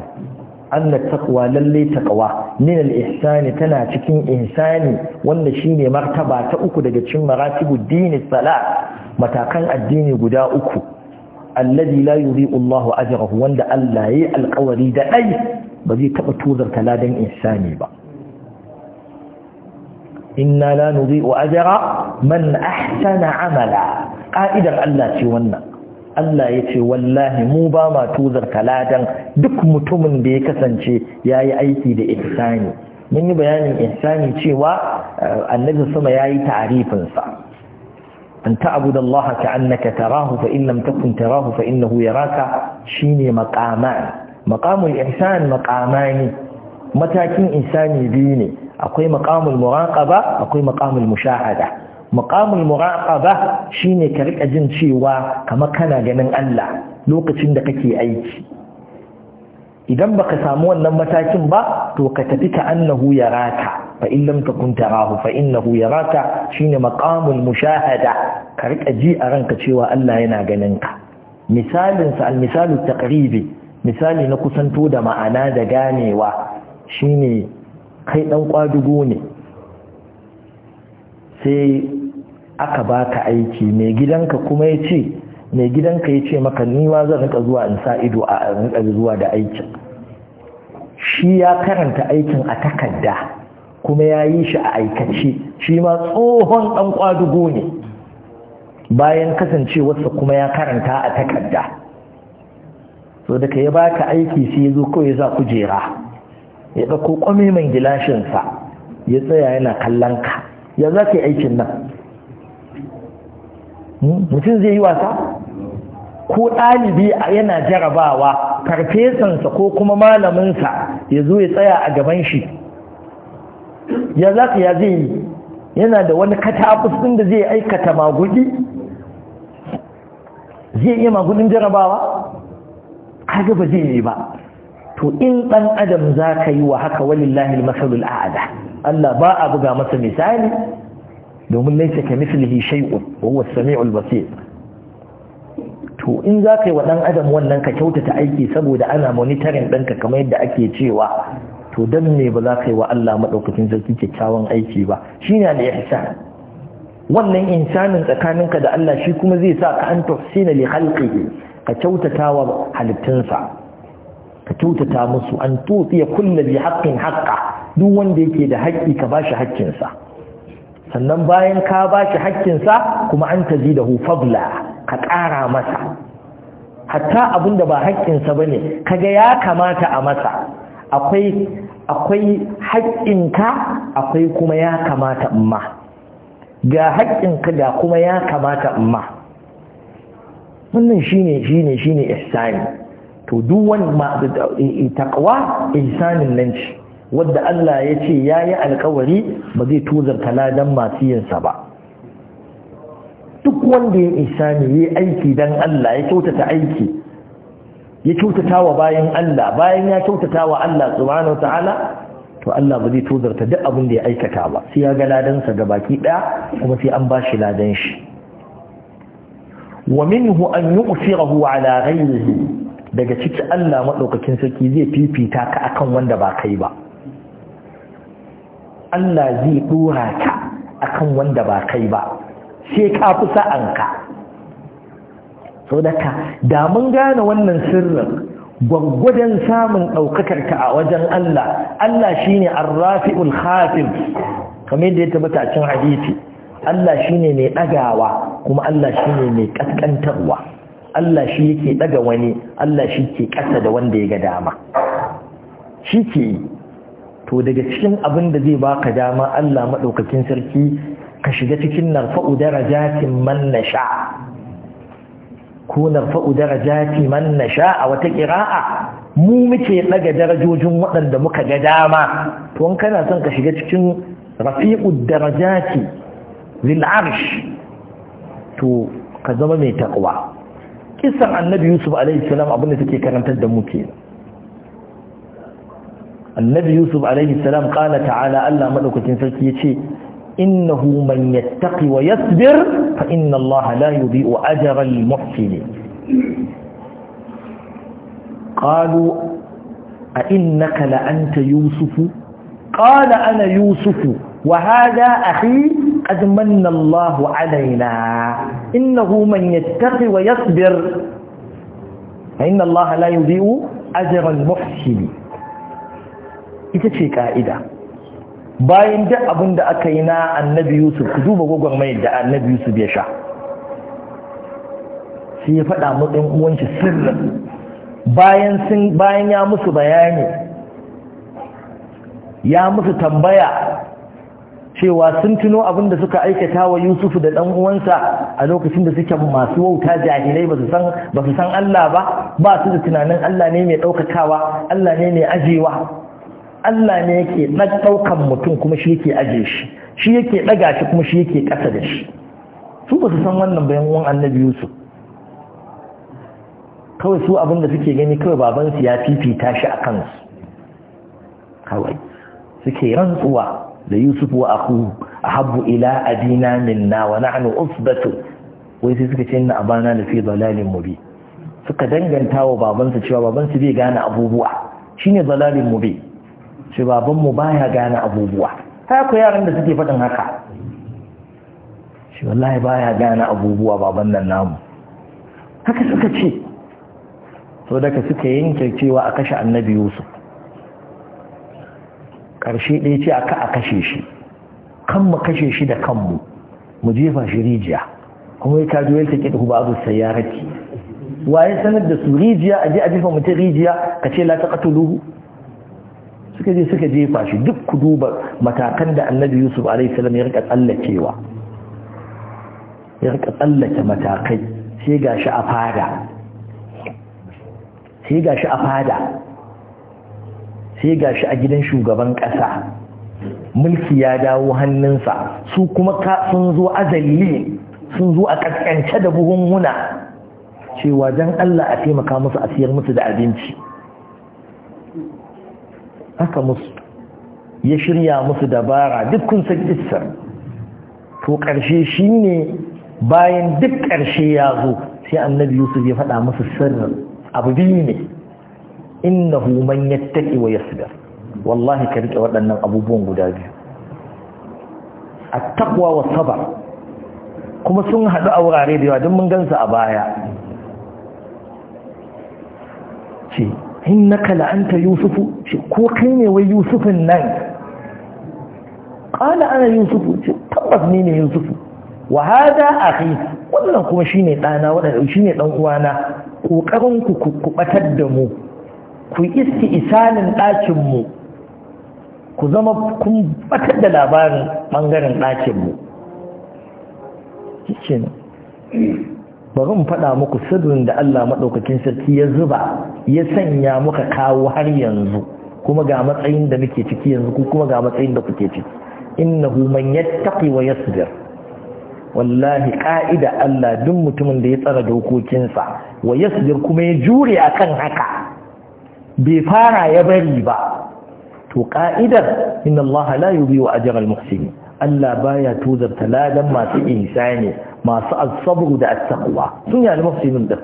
أن التقوى للي تقوى من الإحسان تناتكين إنساني وأن شيني مرتبة تأكد جتشم مراتب الدين الصلاة متى كان الدين قداء أكو alladi la yudhi'u Allah ajrahu wanda Allah yayi alƙawari da dai ba zai taba tuzar taladan insani ba inna la nudhi'u ajra man ahsana amala ƙa'idar Allah ce wannan Allah ya ce wallahi mu ba ma tuzar taladan duk mutumin da ya kasance yayi aiki da ihsani mun yi bayanin ihsani cewa annabi sama yayi ta'arifinsa an Abudallah Allah ka'annaka tarahu fa in lam takun tarahu fa innahu yaraka shine maqaman maqamul ihsan maqamani matakin insani biyu ne akwai maqamul muraqaba akwai maqamul mushahada maqamul muraqaba shine ka rika jin cewa kamar kana ganin Allah lokacin da kake aiki idan baka samu wannan matakin ba to ka tafi ka annahu yaraka fa in lam takun tarahu fa innahu yaraka shine maqamul mushahada ka rika ji a ranka cewa Allah yana ganin ka misalin sa al taqribi misali na kusanto da ma'ana da ganewa shine kai dan kwadugo ne sai aka baka aiki mai gidanka kuma ya ce mai gidanka ya ce maka niwa zan rika zuwa in sa ido a rika zuwa da aikin shi ya karanta aikin a takarda kuma ya yi shi a aikace shi ma tsohon ɗan ƙwadugo ne bayan kasancewarsa kuma ya karanta a takarda so da ka ba ka aiki sai ya zo kawai za ku jera, ya ɗauko ƙwame mai gilashinsa ya tsaya yana kallon ka ya za ka yi aikin nan hmm? mutum zai yi wasa ko ɗalibi yana jarabawa farfesansa ko kuma malaminsa ya zo ya tsaya a gaban shi ya za ka ya zai yana da wani katabus ɗin da zai aikata magudi zai iya magudin jarabawa kaga ba zai yi ba to in ɗan adam za ka yi wa haka walillahi masalul a'ada Allah ba a buga masa misali domin laisa ka mislihi shay'un wa huwa as-sami'ul basir to in za ka yi wa ɗan adam wannan ka kyautata aiki saboda ana monitoring ɗanka kamar yadda ake cewa to dan me ba za ka yi wa Allah maɗaukacin sarki kyakkyawan aiki ba shine da ihsan wannan insanin tsakaninka da Allah shi kuma zai sa ka an tuhsina li khalqihi ka kyautata wa halittunsa ka kyautata musu an ya kullu bi haqqin haqqa duk wanda yake da haƙƙi ka bashi haƙƙinsa sannan bayan ka bashi haƙƙinsa kuma an tazidahu fadla ka ƙara masa hatta abinda ba haƙƙinsa bane kaga ya kamata a masa akwai akwai haƙƙinka akwai kuma ya kamata ga haƙƙinka ga kuma ya kamata imma wannan shine shine shine ihsani to duk wani eh, taqwa ihsanin nan ce wanda Allah ya ce yayi alƙawari ba zai tozar ladan masu yinsa ba duk wanda ya ihsani yayi aiki dan Allah ya kyautata aiki ya kyautata wa bayan Allah bayan ya kyautata wa Allah subhanahu ta'ala to Allah ba zai tozarta duk abin da ya aikata ba sai ya ga ladansa ga baki daya kuma sai an bashi ladan shi wa minhu an yu'thirahu ala ghayrihi daga cikin Allah madaukakin sarki zai fifita ka akan wanda ba kai ba Allah zai dora ka akan wanda ba kai ba sai ka fi sa'anka sau da mun gane wannan sirrin gwaggwajen samun ɗaukakarka a wajen Allah Allah shi ne arrafi'ul khafif kamar yadda ya tabbata cin hadisi Allah shi ne mai ɗagawa kuma Allah shi ne mai ƙasƙantarwa Allah shi yake ɗaga wani Allah shi ke ƙasa da wanda ya ga dama shi ke to daga cikin abin da zai baka dama Allah maɗaukakin sarki ka shiga cikin narfa'u darajatin man nasha ko na fa'u darajati man na sha a wata ƙira'a mu muke ɗaga darajojin waɗanda muka ga dama to kana son ka shiga cikin rafi'u darajati arsh to ka zama mai takwa kisan annabi yusuf alaihi salam abin take karantar da mu annabi yusuf alaihi salam qala ta'ala Allah maɗaukacin sarki ya ce. إنه من يتقي ويصبر فإن الله لا يضيء أجر المحسنين قالوا أئنك لأنت يوسف قال أنا يوسف وهذا أخي قد من الله علينا إنه من يتقي ويصبر فإن الله لا يضيء أجر المحسنين إذا في ka'ida bayan duk abin da aka yi na annabi yusuf ku duba mai da annabi yusuf ya sha sai ya faɗa matsayin uwanci sirrin bayan sun bayan ya musu bayani ya musu tambaya cewa sun tuno abin da suka aikata wa yusuf da ɗan uwansa a lokacin da suke masu wauta jahilai ba su san ba su san Allah ba ba su da tunanin Allah ne mai ɗaukakawa Allah ne mai ajewa Allah ne yake ɗaukan mutum kuma shi yake aje shi shi yake ɗaga shi kuma shi yake ƙasa da shi su ba su san wannan bayan wani annabi yusuf kawai su abinda suke gani kawai babansu ya fifita shi a kansu kawai suke rantsuwa da yusuf wa aku habu ila abina minna wa na'nu usbatu wai sai suka ce inna abana da fi zalalin mubin suka danganta wa babansu cewa babansu bai gane abubuwa shine zalalin mubin shi babanmu ya gane abubuwa ta ku yaran da suke faɗin haka shi wallahi ya gane abubuwa baban nan namu haka suka ce so daga suka yanke cewa a kashe annabi yusuf ƙarshe ɗaya ce a a kashe shi kan mu kashe shi da kanmu mu jefa shi rijiya kuma ya kaji wani take da kuma abu waye sanar da su rijiya aje a jefa mutum rijiya ka ce la taqtuluhu suka je suka jefa shi duk ku duba matakan da annabi yusuf alaihissalam ya rika tsallakewa ya rika tsallake matakai sai ga shi a fada sai ga shi a fada sai ga shi a gidan shugaban ƙasa mulki ya dawo hannunsa su kuma sun zo azali sun zo a ƙasƙance da buhunhuna cewa don allah a taimaka musu a siyar musu da abinci haka musu ya shirya musu dabara dukkan san to ƙarshe shi ne bayan duk ƙarshe ya zo sai annabi yusuf ya faɗa musu sirrin abu biyu ne innahu man yattaqi wa yasbir wallahi ka rike waɗannan abubuwan guda biyu at-taqwa wa sabr kuma sun haɗu a wurare da yawa don mun gansu a baya innaka la'anta yusufu ce ko kai ne wai yusufin nan qala ana yusufu ce tabbas ne ne yusufu wa hada akhi wannan kuma shine dana wannan shine dan uwana kokarin ku batar da mu ku isti isanin ɗakin mu ku zama kun batar da labarin bangaren ɗakin mu bari mu faɗa muku sirrin da Allah maɗaukakin sarki ya zuba ya sanya muka kawo har yanzu kuma ga matsayin da muke ciki yanzu ko kuma ga matsayin da kuke ciki innahu man yattaqi wa yasbir wallahi ka'ida Allah duk mutumin da ya tsara dokokinsa wa yasbir kuma ya jure akan haka bai fara ya bari ba to ka'idar inna Allah la yudhi'u ajra al-muhsinin Allah baya tuzarta ladan masu ihsani masu asabu da attaqwa sun yana mafsimin da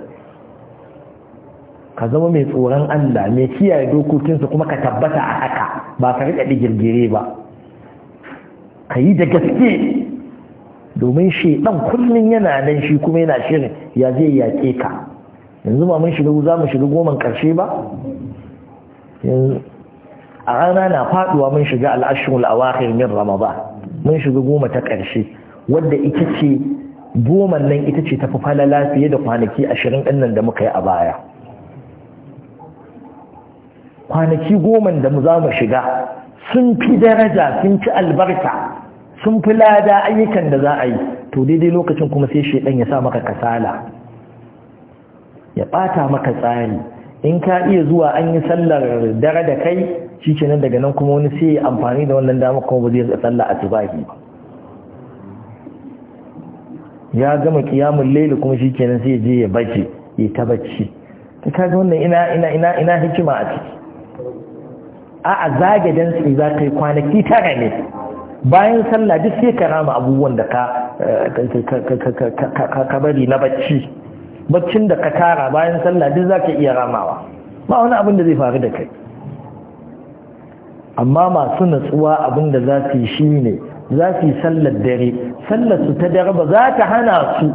ka zama mai tsoron Allah mai kiyaye dokokinsa kuma ka tabbata a haka ba ka riƙa digirgire ba ka yi da gaske domin shi ɗan kullum yana nan shi kuma yana shirin ya zai yake ka yanzu ba mun shiga za mu shiga goman ƙarshe ba a rana na faɗuwa mun shiga al'ashirul awakhir min ramadan mun shiga goma ta karshe wadda ita ce goma nan ita ce tafi falala fiye da kwanaki ashirin ɗin nan da muka yi a baya kwanaki goma da mu za mu shiga sun fi daraja sun fi albarka sun fi lada ayyukan da za a yi to daidai lokacin kuma sai ɗan ya sa maka kasala ya ɓata maka tsari in ka iya zuwa an yi sallar dare da kai shi kenan daga nan kuma wani sai amfani da wannan damar kuma ba zai tsalla a tubahi ba ya gama kiyamun laili kuma shi kenan sai je ya bace ya ta bace ta kaga wannan ina ina ina ina hikima a ciki a a dan sai za ka kwanaki tara ne bayan sallah duk sai ka rama abubuwan da ka ka bari na bacci baccin da ka tara bayan sallah duk za ka iya ramawa ba wani abin da zai faru da kai amma masu natsuwa abin da za su yi shi ne za su yi sallar dare sallar su ta dare ba za ta hana su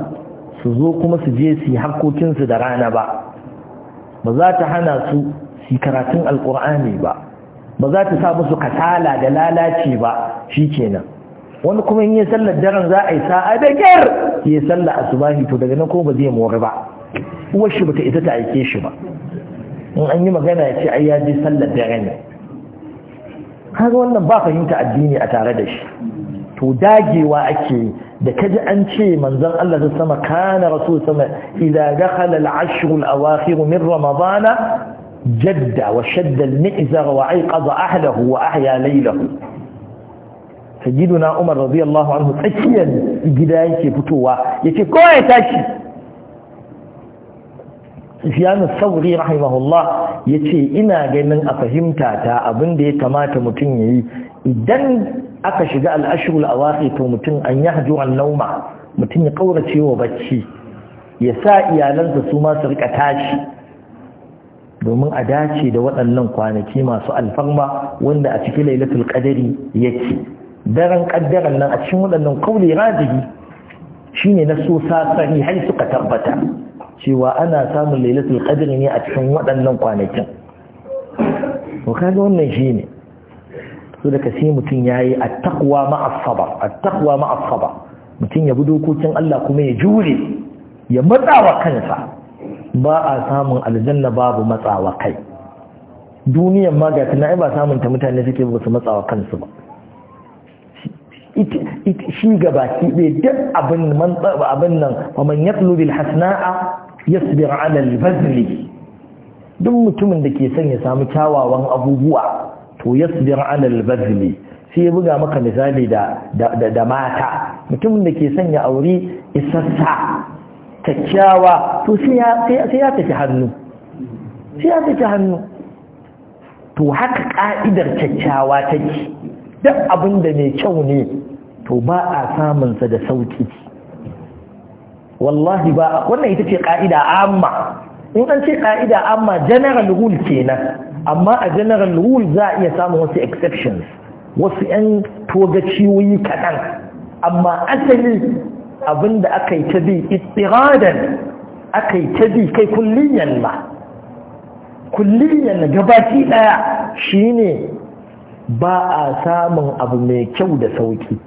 su zo kuma su je su yi harkokinsu da rana ba ba za ta hana su su karatun alkur'ani ba ba za ta sa musu kasala da lalaci ba shi kenan wani kuma in yi sallar daren za a yi sa'a da kyar yi sallar asubahi to daga nan ko ba zai mori ba uwar shi bata ita ta aike shi ba in an yi magana ya ce ai ya je sallar dare ne kaga wannan ba fahimta addini a tare da shi to dagewa ake da kaji an ce manzon Allah da sama kana rasu sama idan dakhala al-ashr al min ramadana jadda wa shadda al-mi'zar wa ayqadha ahlihi wa ahya laylahu sayyiduna umar radiyallahu anhu tsakiyar gida yake fitowa yace ko ya tashi Sufyan al-Thawri rahimahullah yace ina ganin a fahimta ta abin da ya kamata mutum yayi idan aka shiga al'ashirul awaki to mutum an yi hajjuwan nauma mutum ya ƙaurace wa bacci ya sa iyalansa su masu rika tashi domin a dace da waɗannan kwanaki masu alfarma wanda a cikin lailatul qadari yake daren ƙaddarar nan a cikin waɗannan kauli rajihi shine na so sasari har suka tabbata cewa ana samun lailatul qadri ne a cikin waɗannan kwanakin to kaga wannan shine so ka sai mutum ya yi attaqwa ma'asaba takwa ma'asaba mutum ya bi dokokin Allah kuma ya jure ya matsawa kansa ba a samun aljanna babu matsawa kai duniyar ma ga tunan ba samun ta mutane suke ba su matsawa kansu ba shi gabaki bai duk abin abin nan wa man yatlu bil hasna'a yasbir ala al bazli duk mutumin da ke son ya samu kyawawan abubuwa to yasbir ala sai ya buga maka misali da da mata mutumin da ke sanya aure isassa kyakkyawa to sai ya sai ya tafi hannu sai ya tafi hannu to haka ka'idar kyakkyawa take duk abin da mai kyau ne to ba a samun sa da sauki wallahi ba wannan ita ce ka'ida amma in an ce ka'ida amma general rule kenan amma a general rule za a iya samun wasu exceptions wasu 'yan toga ciwoyi kaɗan amma asali abinda aka yi ta bi istiradan aka yi ta bi kai kulliyan ba kulliyan gabaki ɗaya shine ba a samun abu mai kyau da sauki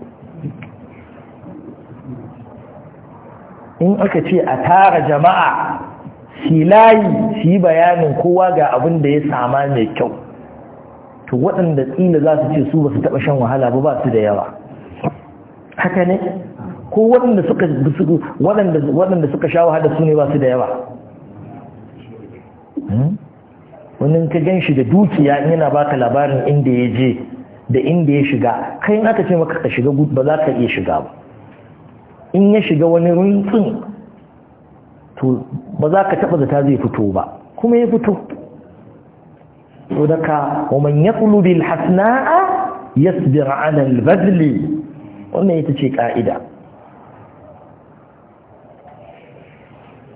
in aka ce a tara jama'a shi layi yi bayanin kowa ga abin da ya sama mai kyau to waɗanda tsina za su ce su ba su taɓa shan wahala ba ba su da yawa haka ne ko waɗanda suka sha wahala su ne ba su da yawa hmm? wani ka gan shi da dukiya yana baka labarin inda ya je da inda ya shiga kai in aka ce maka ka shiga ba za ka iya shiga ba in ya shiga wani rintsin to ba za ka taɓa zata zai fito ba kuma ya fito to daga waman ya ƙulubi alhasna'a ya sbira an albazli wannan ita ce ka'ida.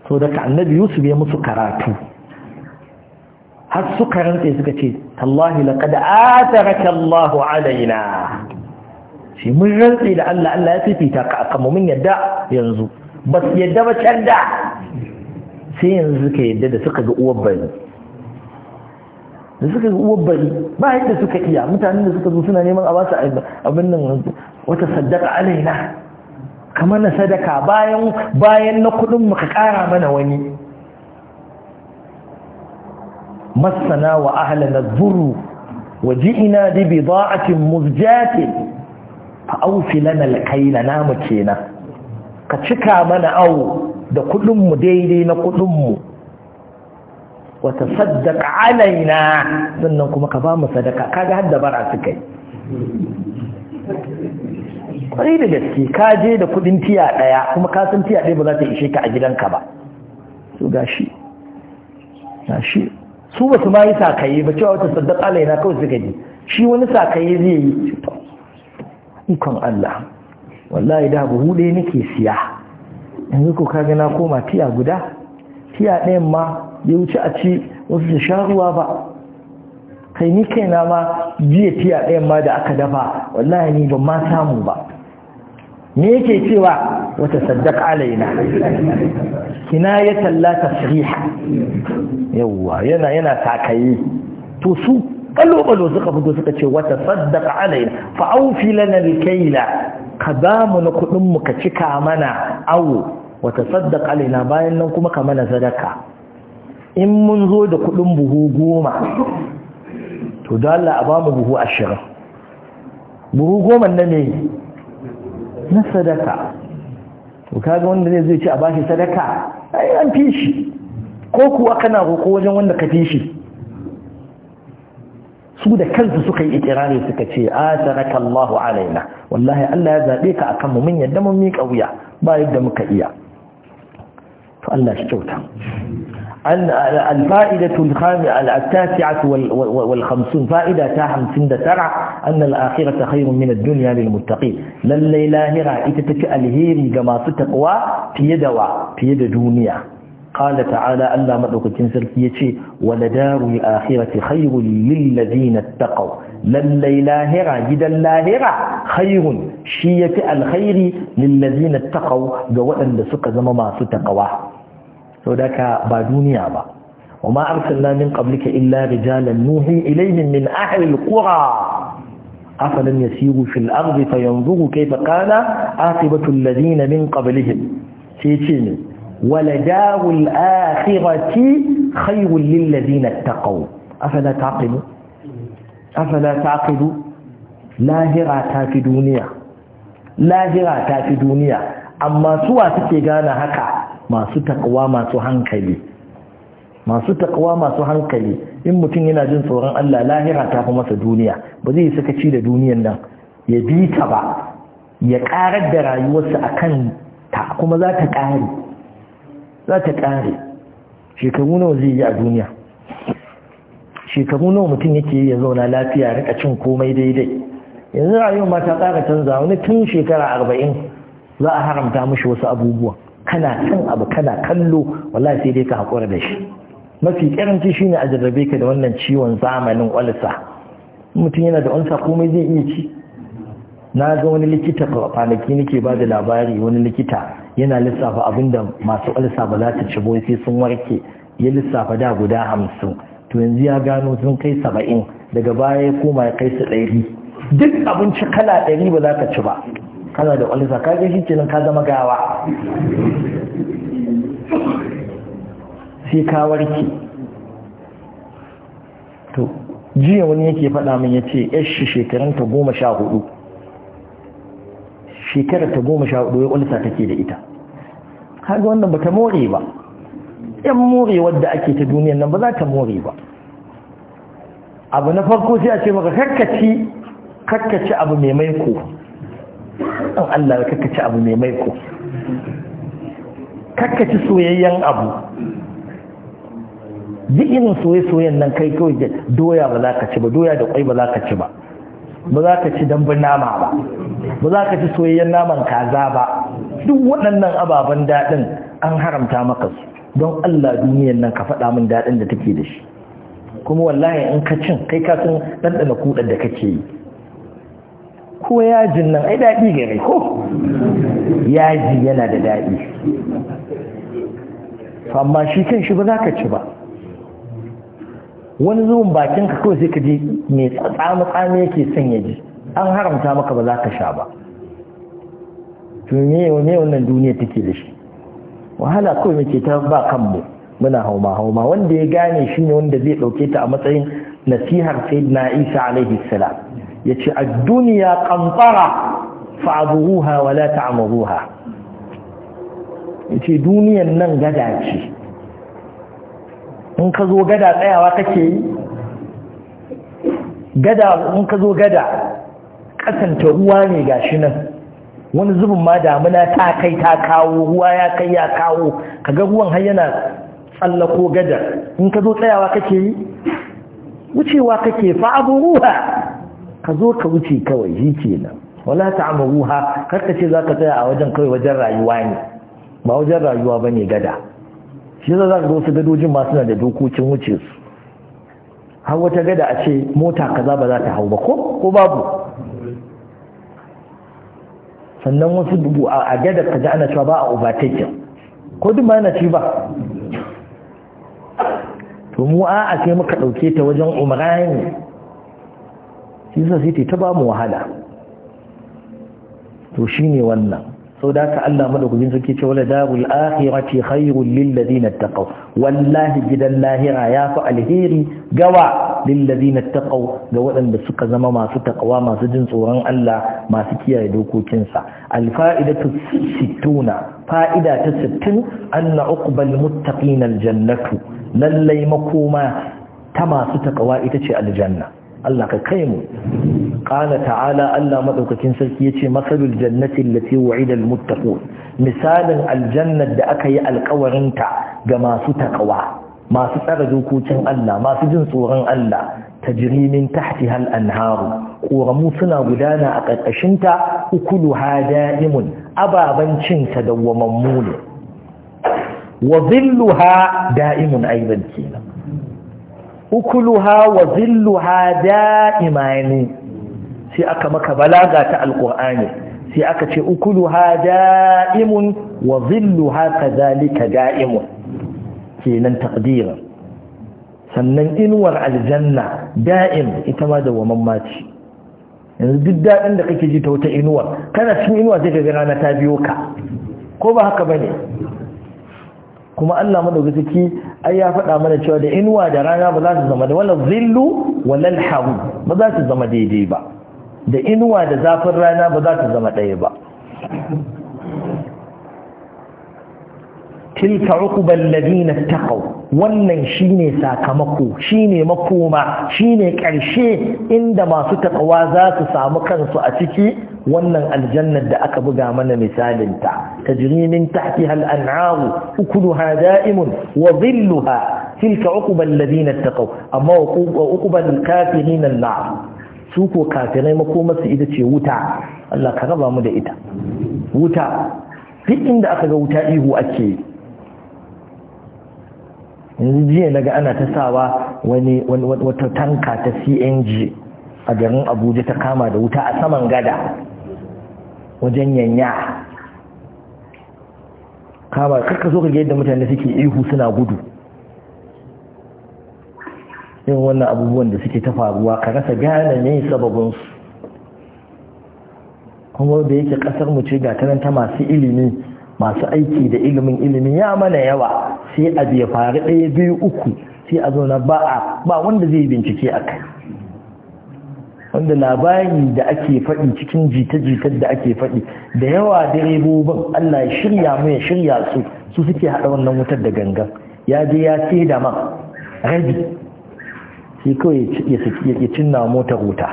to annabi yusuf ya musu karatu har suka rantse suka ce tallahi laqad ataraka Allah alaina shi mun rantse da Allah Allah ya fifita ka akan mu mun yadda yanzu bas yadda ba can da sai yanzu suka yadda da suka ga uwar bari da suka ga uwar bari ba yadda suka iya mutanen da suka zo suna neman a basu abin nan wata sadaka alaina kamar na sadaka bayan bayan na kudin muka kara mana wani masana wa na zuru wa ji'ina bi bida'atin muzjatin fa aufi lana al na namu kenan ka cika mana awo da mu daidai na kudinmu wata saddaka alaina sannan kuma ka ba mu sadaka kaga har da bara suka yi kwarai da gaske ka je da kudin tiya daya kuma ka san tiya daya ba za ta ishe ka a gidanka ba su gashi gashi su ba su ma yi sakaye ba cewa wata saddaka alaina kawai suka ji shi wani sakaye zai yi ikon Allah wallahi da buhu ɗaya nake siya yanzu ko kage na koma tiya guda tiya ɗayan ma ya wuce a ci wasu da sha ruwa ba kai ni kaina ma jiya tiya ɗayan ma da aka dafa wallahi ni ban ma samu ba me yake cewa wata saddaka alaina kina ya talla tasriha yawwa yana yana takaye to su kallo-kallo suka fito suka ce wata saddaka alaina Fa fa'aufi lana alkaila ka za mu na kuɗinmu ka cika mana awo wata saddaka alaina bayan nan kuma ka mana sadaka in mun zo da kuɗin buhu goma to da Allah a ba mu buhu ashirin buhu goma na ne na sadaka to kaga wanda zai zai ci a bashi sadaka ai an fi shi ko kuwa kana roƙo wajen wanda ka fi shi su da kansu suka yi ikirari suka ce ataraka Allahu alaina wallahi Allah ya zabe ka akan mu mun yadda mun mika wuya ba yadda muka iya to Allah shi kyauta an al-fa'idatu al-tasi'atu wal 50 fa'ida ta 59 anna al-akhirata khayrun min ad-dunya lil muttaqin lalle lahira ita tafi alheri ga masu taqwa fiye da wa fiye da duniya qala ta'ala Allah madaukakin sarki yace waladaru akhirati khayrun lil ladina taqaw lallai lahira gidan lahira khayrun shi yafi alkhairi lil ladina ga waɗanda suka zama masu takawa saboda ba duniya ba وما أرسلنا من قبلك إلا رجالا نوحي إليهم من أهل القرى أفلم يسيروا في الأرض فينظروا كيف كان عاقبة الذين من قبلهم سيتيني Wala jawul "Eh a kira ce?" Kai in wulin da zai Lahira ta fi duniya. Lahira ta fi duniya. Amma suwa suke gane haka? Masu ta masu hankali. Masu ta masu hankali. Yin mutum yana jin tsoron Allah lahira ta fi masa duniya. Ba zai yi sakaci da duniyan nan. Ya bi ta ba. Ya karar da rayuwarsa a kan ta kuma za ta kare. za ta ƙare shekaru nawa zai yi a duniya shekaru nawa mutum yake ya zauna lafiya rika cin komai daidai yanzu rayuwar ma ta tsara canza wani tun shekara arba'in za a haramta mashi wasu abubuwa kana kan abu kana kallo wallahi sai dai ka haƙura da shi mafi karanci shine a jarrabe ka da wannan ciwon zamanin ulsa mutum yana da ulsa komai zai iya ci na ga wani likita kwanaki nake ba da labari wani likita yana lissafa abinda masu alisa ba za ta ci boye sai sun warke ya lissafa da guda hamsin to yanzu ya gano sun kai saba'in daga baya ya koma ya kai su ɗari duk abinci kala ɗari ba za ka ci ba kana da alisa ka ga shi kenan ka zama gawa sai ka warke to jiya wani yake faɗa min ya ce yashi ta goma sha hudu shekarar ta goma sha hudu ya ulsa take da ita kaga wannan ta more ba yan more wadda ake ta duniyar nan ba za ta more ba abu na farko sai a ce maka kakkaci kakkaci abu mai maiko an Allah kakkaci abu mai maiko kakkaci soyayyen abu duk irin soye-soyen nan kai kawai doya ba za ka ci ba doya da kwai ba za ka ci ba ba za ka ci dambun nama ba ba za ka ci soyayyen naman kaza ba duk waɗannan ababen daɗin an haramta maka su don Allah duniyan nan ka faɗa min daɗin da take da shi kuma wallahi in ka cin kai ka san ɗanɗana kuɗa da kake yi ko yajin nan ai daɗi gare ko yaji yana da daɗi amma shi kan shi ba za ka ci ba wani zuwan bakinka ka kawai sai ka je mai tsame yake son ya ji an haramta maka ba za ka sha ba to ne wannan duniya take da shi wahala kawai muke ta ba kanmu muna hauma hauma wanda ya gane shi ne wanda zai ɗauke ta a matsayin nasihar sayyidina isa alaihi salam ya ce a duniya kamfara wa la ta'amuruha ya ce duniyan nan gada ce in ka zo gada tsayawa kake yi gada in ka zo gada kasanta ruwa ne gashi nan wani zubin ma damuna ta kai ta kawo ruwa ya kai ya kawo kaga ruwan har yana tsallako gada in ka zo tsayawa kake yi wucewa kake fa abu ruha ka zo ka wuce kawai shi nan wala ta'amuruha kar ka ce za ka tsaya a wajen kawai wajen rayuwa ne ba wajen rayuwa ba ne gada shi za ka zo wasu gadojin ma suna da dokokin wuce su har wata gada a ce mota kaza ba za ta hau ba ko ko babu sannan wasu dubu a gada ka ga ana cewa ba a ubatakin ko duk ma yana ci ba to mu a a sai muka ɗauke ta wajen umarani shi sa sai ta ba mu wahala to ne wannan sau da ka Allah maɗaukacin suke ce wala darul akhirati khairul lil ladina taqaw wallahi gidan lahira ya fi alheri gawa lillazina taqaw ga waɗanda suka zama masu taqwa masu jin tsoron Allah masu kiyaye dokokinsa alfa'idatu sittuna fa'ida ta 60 anna uqbal muttaqina jannatu. lallai makoma ta masu taqwa ita ce aljanna Allah ka kai mu qala ta'ala Allah madaukakin sarki yace masalul jannati allati wu'ida almuttaqun misalin aljanna da aka yi alƙawarinta ga masu taqwa masu tsara dokokin Allah masu jin tsoron Allah tajirimin min hal anharu ƙoramu suna gudana a ƙarƙashinta ukulu ha da'imun ababen da dawwamammu ne wa zilluha da'imun aiban kenan ukuluha wa da'ima ne. sai aka maka balaga ta Alƙur'ani sai aka ce ukuluha da'imun wa zilluha kadhalika da'imun kenan taqdira sannan inuwar aljanna da'im ita ma da waman mace yanzu duk daɗin da kake ji ta wata inuwar kana cikin inuwa sai ka rana ta biyo ka ko ba haka bane kuma Allah madaukaki ai ya faɗa mana cewa da inuwa da rana ba za su zama da wala zillu wala hawu ba za su zama daidai ba da inuwa da zafin rana ba za su zama ɗaya ba tilka uqbal ladina taqaw wannan shine sakamako shine makoma shine karshe inda masu taqwa za su samu kansu a ciki wannan aljannar da aka buga mana misalin ta tajri min tahtiha al-an'am ukuluha da'imun wa dhilluha tilka uqbal ladina taqaw amma uqbal kafirin an-nar su ko kafirai su ita ce wuta Allah ka raba mu da ita wuta duk inda aka ga wuta ihu ake yanzu jiya na ga ana ta sawa wani wata tanka ta cng a garin abuja ta kama da wuta a saman gada wajen yanya kama kakka so ka ga yadda mutane suke ihu suna gudu yin wannan abubuwan da suke ta faruwa ka rasa gane ne sababinsu kuma da yake kasar mu ce ga ta masu ilimi masu aiki da ilimin ilimin ya mana yawa sai a ya faru ɗaya biyu uku sai a zauna ba a ba wanda zai bincike a kai wanda labari da ake faɗi cikin jita-jitar da ake faɗi da yawa direbobin Allah ya shirya mu ya shirya su su suke haɗa wannan wutar da gangan ya je ya ce da man rabi sai kawai ya cinna motar wuta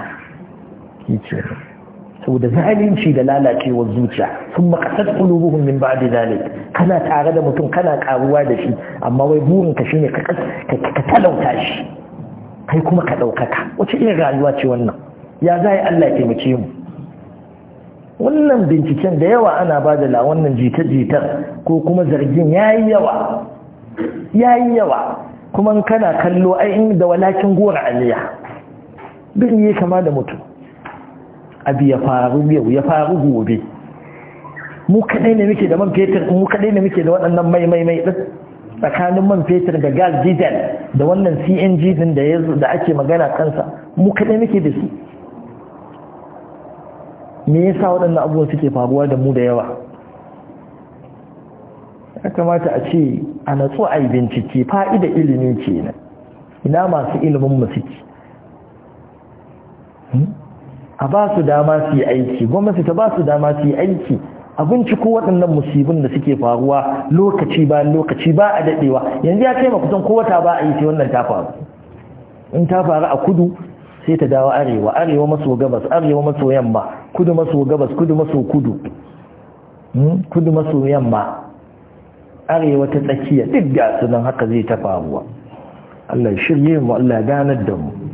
saboda zalunci da lalacewar zuciya sun makasar kulubuhun min ba da zalik kana tare da mutum kana karuwa da shi amma wai burinka shi ne ka talauta shi kai kuma ka ɗaukaka wace irin rayuwa ce wannan ya za yi Allah taimake mu wannan binciken da yawa ana ba da wannan jita-jitar ko kuma zargin ya yi yawa ya yawa kuma kana kallo ai da walakin gora aliya birni kama da mutum abu ya faru yau ya faru gobe mu kadai ne muke da man fetur mu kadai ne muke da waɗannan mai mai mai din tsakanin man fetur da gas diesel da wannan CNG din da yanzu da ake magana kansa mu kadai muke da su me yasa waɗannan abubuwa suke faruwa da mu da yawa ya kamata a ce a natsu a yi bincike fa'ida ilimi kenan ina masu ilimin mu suke hmm? a ba su dama su yi aiki gwamnati ta ba su dama su yi aiki abinci ko waɗannan musibin da suke faruwa lokaci ba lokaci ba a daɗewa yanzu ya kai makutan ko wata ba a yi sai wannan ta faru in ta faru a kudu sai ta dawo arewa arewa maso gabas arewa maso yamma kudu maso gabas kudu maso kudu hmm? kudu maso yamma arewa ta tsakiya duk da sunan haka zai ta faruwa Allah shirye mu Allah ganar da mu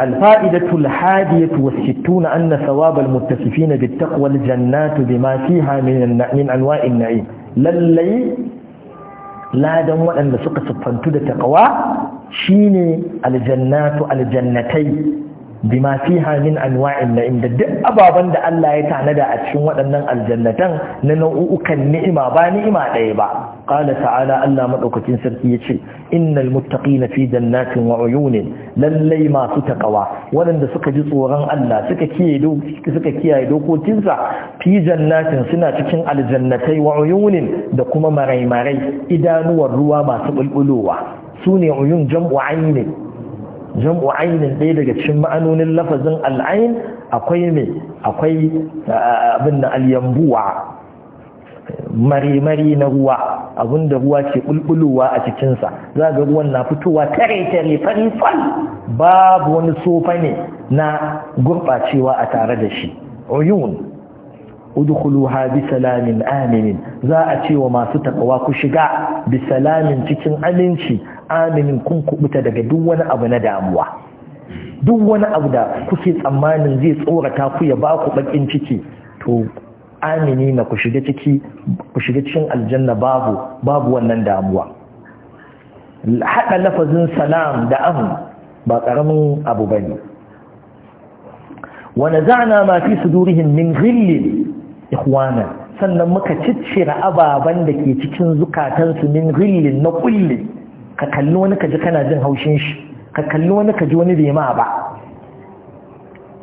الفائدة الحادية والستون أن ثواب المتصفين بالتقوى الجنات بما فيها من من أنواع النعيم للي لا دم أن سقط التقوى شيني الجنات الجنتين bima fiha min anwa'in na'im da duk ababen da Allah ya tanada a cikin waɗannan aljannatan na nau'ukan ni'ima ba ni'ima ɗaya ba qala ta'ala Allah madaukakin sarki yace innal muttaqina fi jannatin wa uyunin lallai masu taqwa waɗanda suka ji tsoron Allah suka kiyaye suka kiyaye dokokinsa fi jannatin suna cikin aljannatai wa uyunin da kuma marai-marai. idanuwar ruwa masu bulbulowa sune uyun jam'u aynin jam'u ainin ɗaya daga cikin ma'anonin lafazin al'ain akwai mai akwai eh, abin da alyambuwa marimari na ruwa abin da ruwa ke bulbulowa a cikinsa za ga ruwan na fitowa tare-tare farifal babu wani sofa ne na gurɓacewa a tare da shi uyun ha bi salamin aminin za a ce wa masu takawa ku shiga bi salamin cikin aminci aminin kun kubuta daga duk wani abu na damuwa duk wani abu da kuke tsammanin zai tsorata ku ya ba ku bakin ciki to amini na ku shiga cikin aljanna babu babu wannan damuwa haɗa lafazin salam da am ba ƙaramin abu bane wa naza'na ma fi sudurihim min ghillin ikhwana sannan muka ciccira ababan da ke cikin zukatansu min ghillin na kullin ka kalli wani ka ji kana jin haushin shi ka kalli wani ka ji wani bai ma ba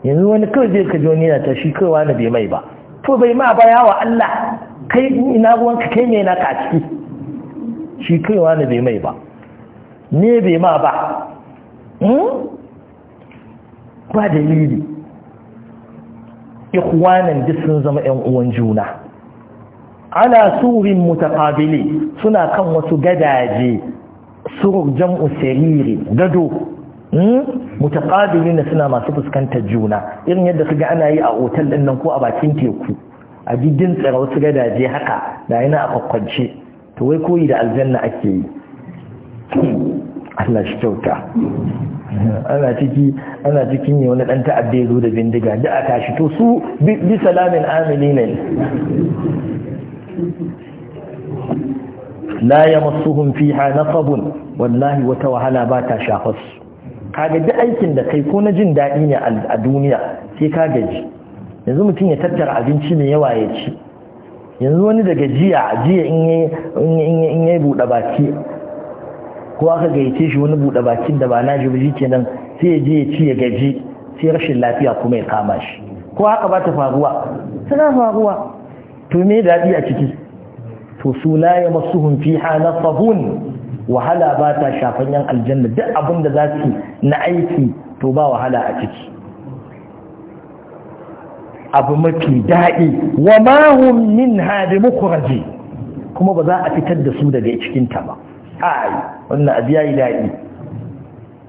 yanzu wani kawai zai ka ji wani yana ta shi kawai wani bai mai ba to bai ma ba yawa Allah kai ina ruwan ka kai mai naka a ciki shi kawai wani bai mai ba ne bai ma ba hmm? ba dalili ikhwanan duk sun zama 'yan uwan juna ana surin mutaqabili suna kan wasu gadaje suruk jam'u sariri gado hmm? mutaqabilin suna masu fuskantar juna irin yadda kaga ana yi a otal din nan ko a bakin teku a gidin tsara wasu gadaje haka da yana a kwakwance to wai koyi da aljanna ake yi Allah shi kyauta ana ciki ana cikin yi wani dan ta'adda ya zo da bindiga da a tashi to su bi salamin amili la yamassuhum fiha nasabun wallahi wata wahala ba ta shafar kaga duk aikin da kai ko na jin daɗi ne a duniya sai ka gaji yanzu mutum ya tattara abinci mai yawa ya ci yanzu wani daga jiya jiya in ya buɗe baki ko aka gayyace shi wani buɗe bakin da ba na ji kenan sai ya je ya ci ya gaji sai rashin lafiya kuma ya kama shi ko haka ba ta faruwa na faruwa to me daɗi a ciki to su la ya hunfi hana sabun wahala ba ta shafan yan aljanna duk abin da za su na aiki to ba wahala a ciki abu mafi daɗi wa mahun min muku raje kuma ba za a fitar da su daga cikinta ba ai wannan abu yi daɗi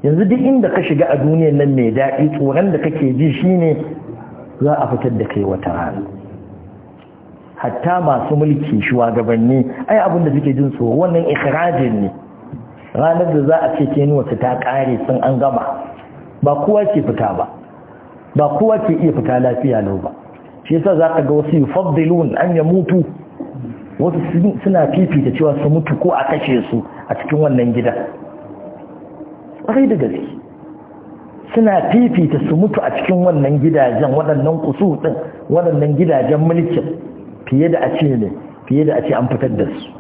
yanzu duk inda ka shiga a duniyar nan mai daɗi tsoron da kake ji shine za a fitar da kai wata rana hatta masu mulki shugabanni ai abin da suke jin tsoro wannan ikirajin ne ranar da za a ce kenuwarsu ta kare sun an gama ba kowa ke fita ba ba kowa ke iya fita lafiya lau ba shi yasa za ka ga wasu yufaddilun an ya mutu wasu suna fifita cewa su mutu ko a kashe su a cikin wannan gida ƙwarai da gaske suna fifita su mutu a cikin wannan gidajen waɗannan kusu ɗin waɗannan gidajen mulkin fiye da a ce ne fiye da a ce an fitar da su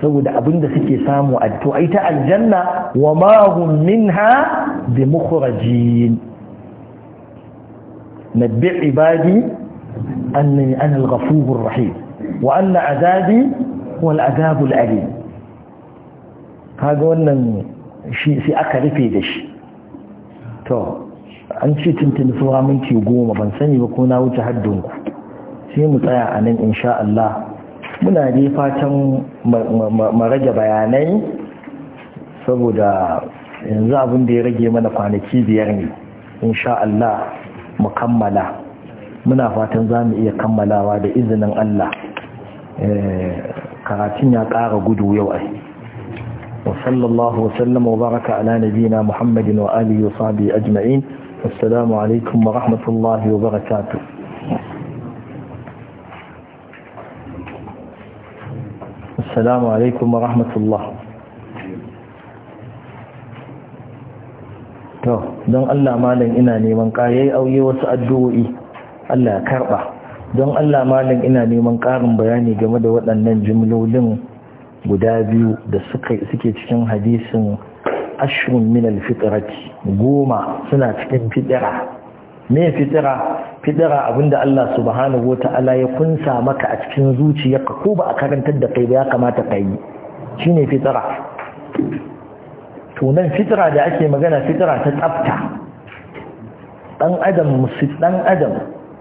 saboda abin da suke samu a to ai ta aljanna wa ma hum minha bi mukhrajin nabbi ibadi annani ana al-ghafurur rahim wa anna azabi wal azabul alim kaga wannan shi sai aka rufe da shi to an ce tuntun saura minti goma ban sani ba ko na wuce ku sai mu tsaya a nan insha Allah muna dai fatan marage bayanai saboda yanzu abin da ya rage mana kwanaki biyar ne insha Allah mu kammala muna fatan za mu iya kammalawa da izinin Allah eh, karatun ya ƙara gudu yau ai وصلى الله وسلم وبارك على نبينا ala وآله muhammadin wa ajma'in السلام عليكم ورحمة الله وبركاته السلام عليكم ورحمة الله to don Allah malam ina neman ƙayayi auye wasu addu'o'i Allah ya karɓa don Allah malam ina neman ƙarin bayani game da waɗannan jimlolin guda biyu da suke cikin hadisin ashirin minal alfitrati goma suna cikin fitira me fitira fitira abinda Allah subhanahu taala ya kunsa maka a cikin zuciyarka ko ba a karantar da kai ba ya kamata ka yi shine fitira to nan fitira da ake magana fitira ta tsafta dan adam dan adam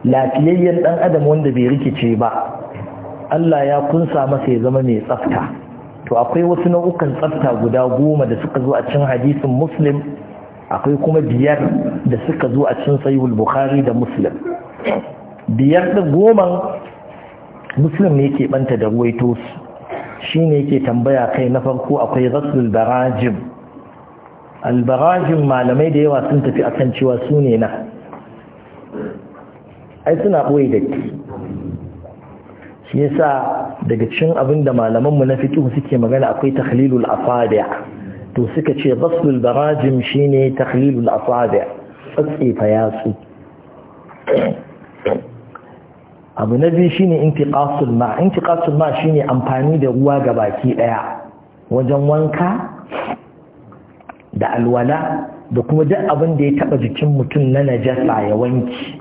lafiyayyen dan adam wanda bai rikice ba Allah ya kunsa masa ya zama mai tsafta to akwai wasu nau'ukan tsafta guda goma da suka zo a cin hadisin muslim akwai kuma biyar da suka zo a cin sayuhul bukhari da muslim biyar da goma muslim ne ke banta da ruwaito su shi ne ke tambaya kai na farko akwai rasul barajim albarajin malamai da yawa sun tafi a kan cewa su ne na ai suna ɓoye da shi yasa daga cikin abin da malamanmu na fiqh suke magana akwai takhlilul afadi to suka ce baslul barajim shine takhlilul afadi tsatsefa yatsu abu na biyu shine intiqasul ma intiqasul ma shine amfani da ruwa ga baki daya wajen wanka da alwala da kuma duk abin da ya taba jikin mutum na najasa ya wanki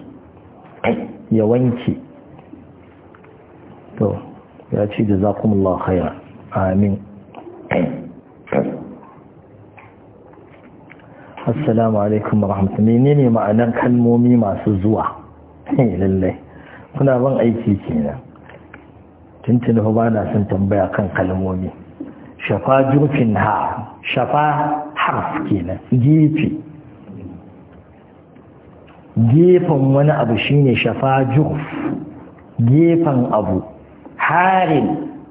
ya wanki to ya ci da zakumullah khaira amin assalamu alaikum rahmatu menene ma'anar kalmomi masu zuwa lallai kuna ban aiki kenan tuntun ba na son tambaya kan kalmomi shafa jurfin ha shafa harf kenan gefe gefen wani abu shine shafa juf, gefen abu harin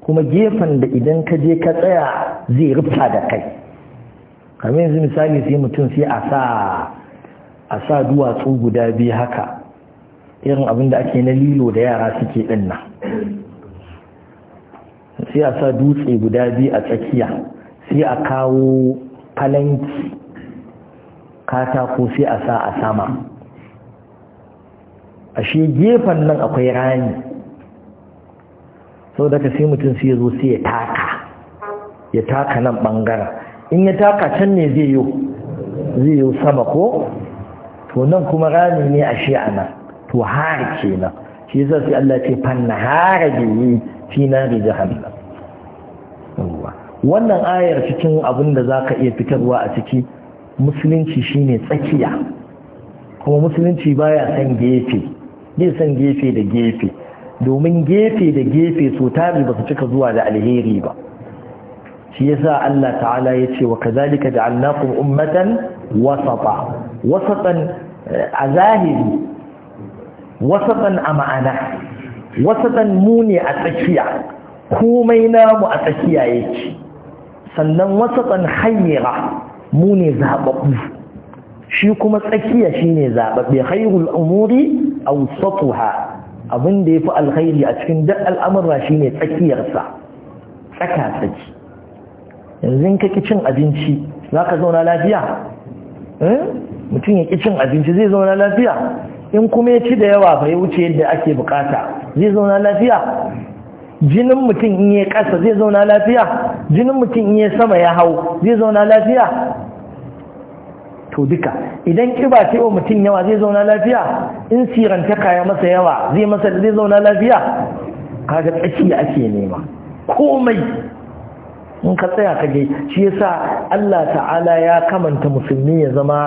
kuma gefen da idan ka je ka tsaya zai rufa da kai kamar yanzu misali sai mutum sai a sa a duwatsu guda biyu haka irin abin da ake na lilo da yara suke dinna sai a sa dutse guda biyu a tsakiya sai a kawo falanki katako sai a sa a sama ashe gefen nan akwai rani sau daga sai mutum sai ya zo sai ya taka ya taka nan bangaren in ya taka can ne zai yi zai yi sama ko to nan kuma rami ne a shi a nan to har ke nan shi zai sai Allah ce fanna hara yi fi rija jahannam wannan ayar cikin abin da za ka iya fitarwa a ciki musulunci shine tsakiya kuma musulunci baya son gefe bai san gefe da gefe domin gefe da gefe so tari ba su cika zuwa da alheri ba shi yasa Allah ta'ala ya ce wa kazalika ja'alnakum ummatan wasata wasatan eh, a zahiri wasatan a ma'ana wasatan mu ne a tsakiya komai namu a tsakiya yake sannan wasatan hayyira mu ne zababbu shi kuma tsakiya shine zababbe khairul umuri awsatuha abin da ya fi alkhairi a cikin duk al'amurra shi ne tsakiyarsa tsaka tsaki yanzu ka ki cin abinci za ka zauna lafiya eh? mutum ya ki cin abinci zai zauna lafiya in kuma ya ci da yawa fa ya wuce yadda ake bukata zai zauna lafiya jinin mutum in yi kasa zai zauna lafiya jinin mutum in yi sama ya hau zai zauna lafiya to duka idan kiba ce wa mutum yawa zai zauna lafiya in siranta kaya masa yawa zai masa zai zauna lafiya kaga tsaki ake nema komai in ka tsaya ka je shi yasa Allah ta'ala ya kamanta musulmi ya zama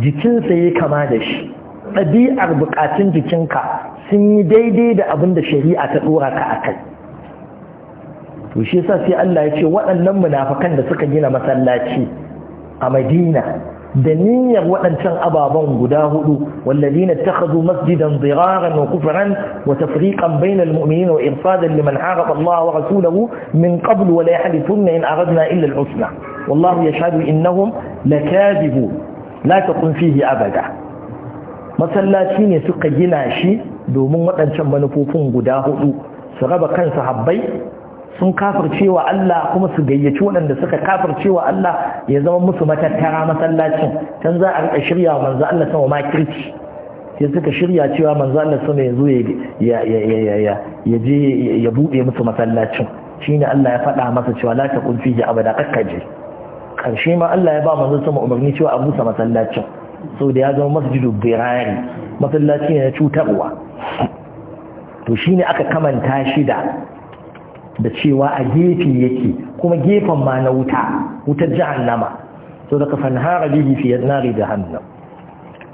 jikinsa ya kama da shi ɗabi'ar bukatun jikinka sun yi daidai da abin da shari'a ta ɗora ka a kai to shi yasa sai Allah ya ce waɗannan munafikan da suka gina masallaci a madina da niyyar waɗancan ababen guda hudu wallazina ittakhadhu masjidan ziraran wa kufran wa tafriƙan bainal muminin wa irfadan liman haraba Allah wa rasulahu min qablu wa la yahlifunna in aradna illa al-husna wallahu yashhadu innahum lakadibu la taqum fihi abada masallaci ne suka gina shi domin waɗancan manufofin guda hudu su raba kansa habbai sun cewa Allah kuma su gayyaci waɗanda suka cewa Allah ya zama musu matattara masallacin can za a rika shirya wa manzo Allah sama makirci sai suka shirya cewa manzo Allah sama ya zo ya ya je ya buɗe musu masallacin shine Allah ya faɗa masa cewa la ta kunfi ji abada je, karshe ma Allah ya ba manzo sama umarni cewa a busa masallacin so da ya zama masjidul birari masallaci ne na cutarwa to shine aka kamanta shi da da cewa a gefe yake kuma gefen ma na wuta wutar jahannama so daga fanhara bihi fi nari jahannam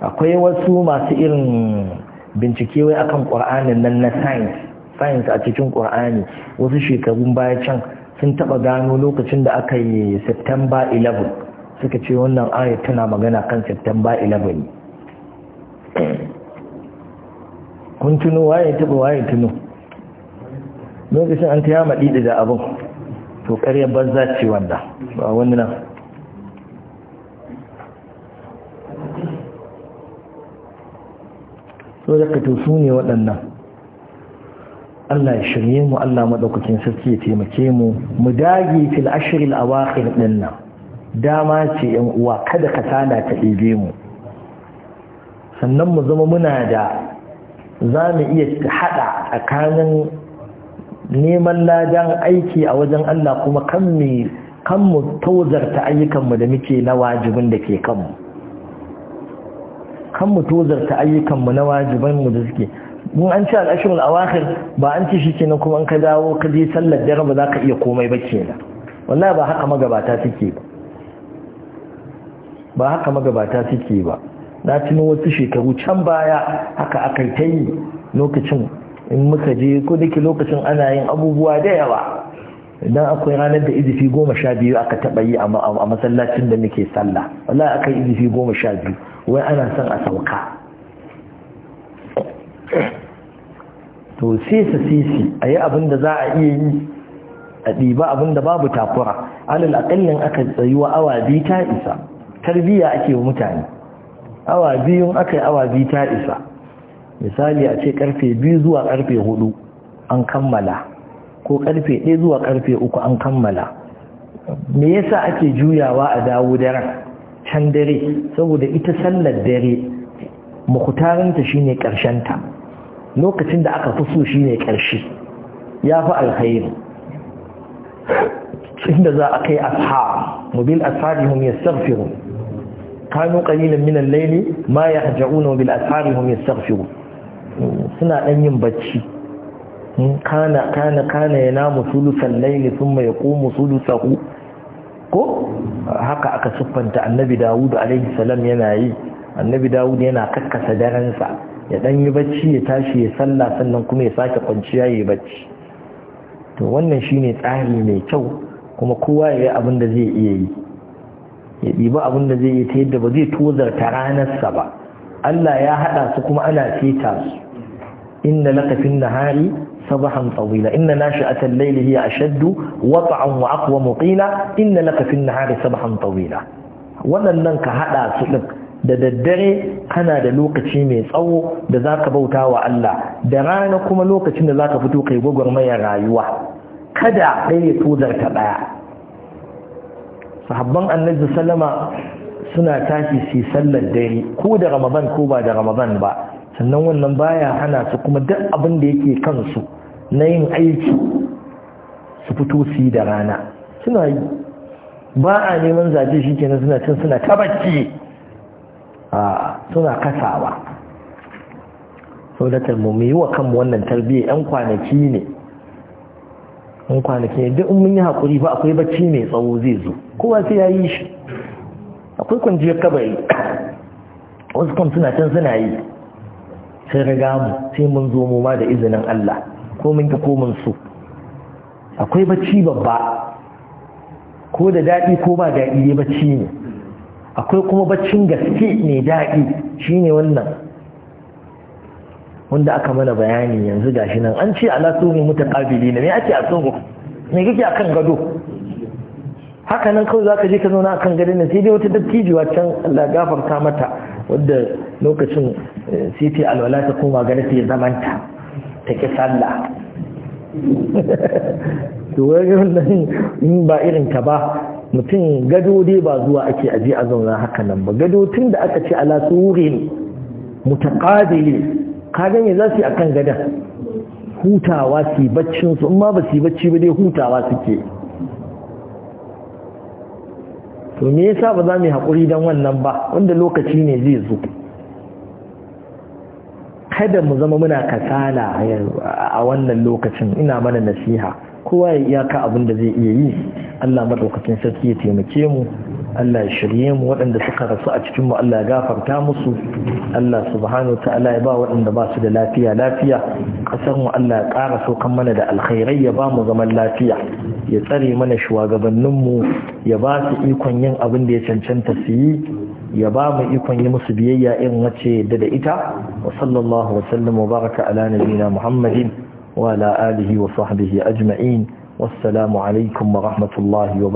akwai wasu masu irin bincike wai akan qur'anin nan na science science a cikin qur'ani wasu shekarun baya can sun taba gano lokacin da aka yi September 11 suka ce wannan ayat tana magana kan September 11 kun tuno waye taba waye tuno lokacin an taya maɗiɗi da abin to ƙaryar banza ce wanda ba wani nan so da ka su ne waɗannan Allah ya shirye mu Allah maɗaukakin sarki ya taimake mu mu dage fil a awakhir ɗin nan dama ce yan uwa kada ka tana ta ɗebe mu sannan mu zama muna da za mu iya haɗa tsakanin neman ladan aiki a wajen Allah kuma kan mu kan mu tozarta ayyukanmu da muke na wajibin da ke kanmu kan mu tozarta ayyukanmu na mu da suke mun an ci al'ashirin awakhir ba an ci kenan kuma an ka dawo ka je sallar da ba za ka iya komai ba kenan wallahi ba haka magabata suke ba ba haka magabata suke ba na tuno wasu shekaru can baya haka aka ta yi lokacin in muka je ko dake lokacin ana yin abubuwa da yawa idan akwai ranar da izifi goma sha biyu aka taɓa yi a masallacin da muke sallah wala aka yi izifi goma sha biyu wai ana son a sauka to sisa sisi a yi abin da za a iya yi a ɗiba abin da babu takura alal aƙallin aka tsayuwa awa biyu ta isa tarbiyya ake mutane awa biyun aka yi awa biyu ta isa misali a ce karfe biyu zuwa karfe hudu an kammala ko karfe ɗaya zuwa karfe uku an kammala me yasa ake juyawa a dawo daren can dare saboda ita sallar dare mukutarinta shine ta lokacin da aka fi so shine karshe ya fi alkhairi inda za a kai ashab mobil asharihum yastaghfirun kanu qalilan min al-layli ma yahja'una bil asharihum yastaghfirun suna ɗan yin bacci kana kana ya namu sulusan laini sun mai ƙumu sulusahu ko haka aka siffanta annabi dawud alaihi salam yana yi annabi dawud yana kakkasa darensa, ya ɗan yi bacci ya tashi ya sallah sannan kuma ya sake kwanciya ya yi bacci to wannan shine tsari mai kyau kuma kowa ya yi abin zai iya yi ya ɗiba abin da zai yi ta yadda ba zai tozarta ranarsa ba Allah ya haɗa su kuma ana feta su inna laka fin nahari sabahan tawila inna nashi'atal layli hiya ashaddu wat'an wa aqwa qila inna laka fin nahari sabahan Wannan waɗannan ka haɗa su ɗin da daddare kana da lokaci mai tsawo da za ka bauta wa Allah da rana kuma lokacin da za ka fito kai gwagwarmayar rayuwa kada ɗaya tozar ta ɗaya sahabban annabi sallama suna tashi su sallar dare ko da ramadan ko ba da ramadan ba sannan wannan baya hana su kuma duk abin da yake kansu na yin aiki su fito su yi da rana suna yi ba a neman zaje shi kenan suna cin suna tabacci a suna kasawa sau da kalmu mai yi wa kanmu wannan tarbiyyar 'yan kwanaki ne in kwanaki ne duk mun yi haƙuri ba akwai bacci mai tsawo zai zo kowa sai ya yi shi akwai kwanciyar kabari wasu kan suna can suna yi sai riga mu sai mun zo mu ma da izinin Allah ko mun ki ko mun su akwai bacci babba ko da dadi ko ba dadi ne bacci ne akwai kuma baccin gaske ne dadi shine wannan wanda aka mana bayani yanzu gashi nan an ce ala sunu mutaqabili ne me ake a sunu me kike akan gado haka nan kawai zaka je ka zauna akan gado ne sai dai wata dattijuwa can Allah gafarta mata wadda lokacin eh, sai alwala ta koma gani ta zamanta ta ki sallah to in ba irin ka ba mutum gado dai ba zuwa ake ajiye a zauna haka nan ba gado tun da aka ce ala tsorin mutaqabili ka ganye za su yi a kan gadon, hutawa su baccin baccinsu in ba su bacci ba dai hutawa suke to me yasa ba za mu yi haƙuri dan wannan ba wanda lokaci ne zai zo kada mu zama muna kasala a wannan lokacin ina mana nasiha kowa ya iyaka abin da zai iya yi Allah madaukakin sarki ya taimake mu Allah ya shirye mu waɗanda suka rasu a cikin mu Allah ya gafarta musu Allah subhanahu wa ta'ala ya ba waɗanda ba su da lafiya lafiya ƙasar mu Allah ya ƙara saukan mana da alkhairai ya ba mu zaman lafiya ya tsare mana shugabannin mu ya ba su ikon yin abin da ya cancanta su yi ya ba mu ikon yi musu biyayya irin wace da da ita wa sallallahu wa ala nabiyina muhammadin وعلى آله وصحبه أجمعين والسلام عليكم ورحمة الله وبركاته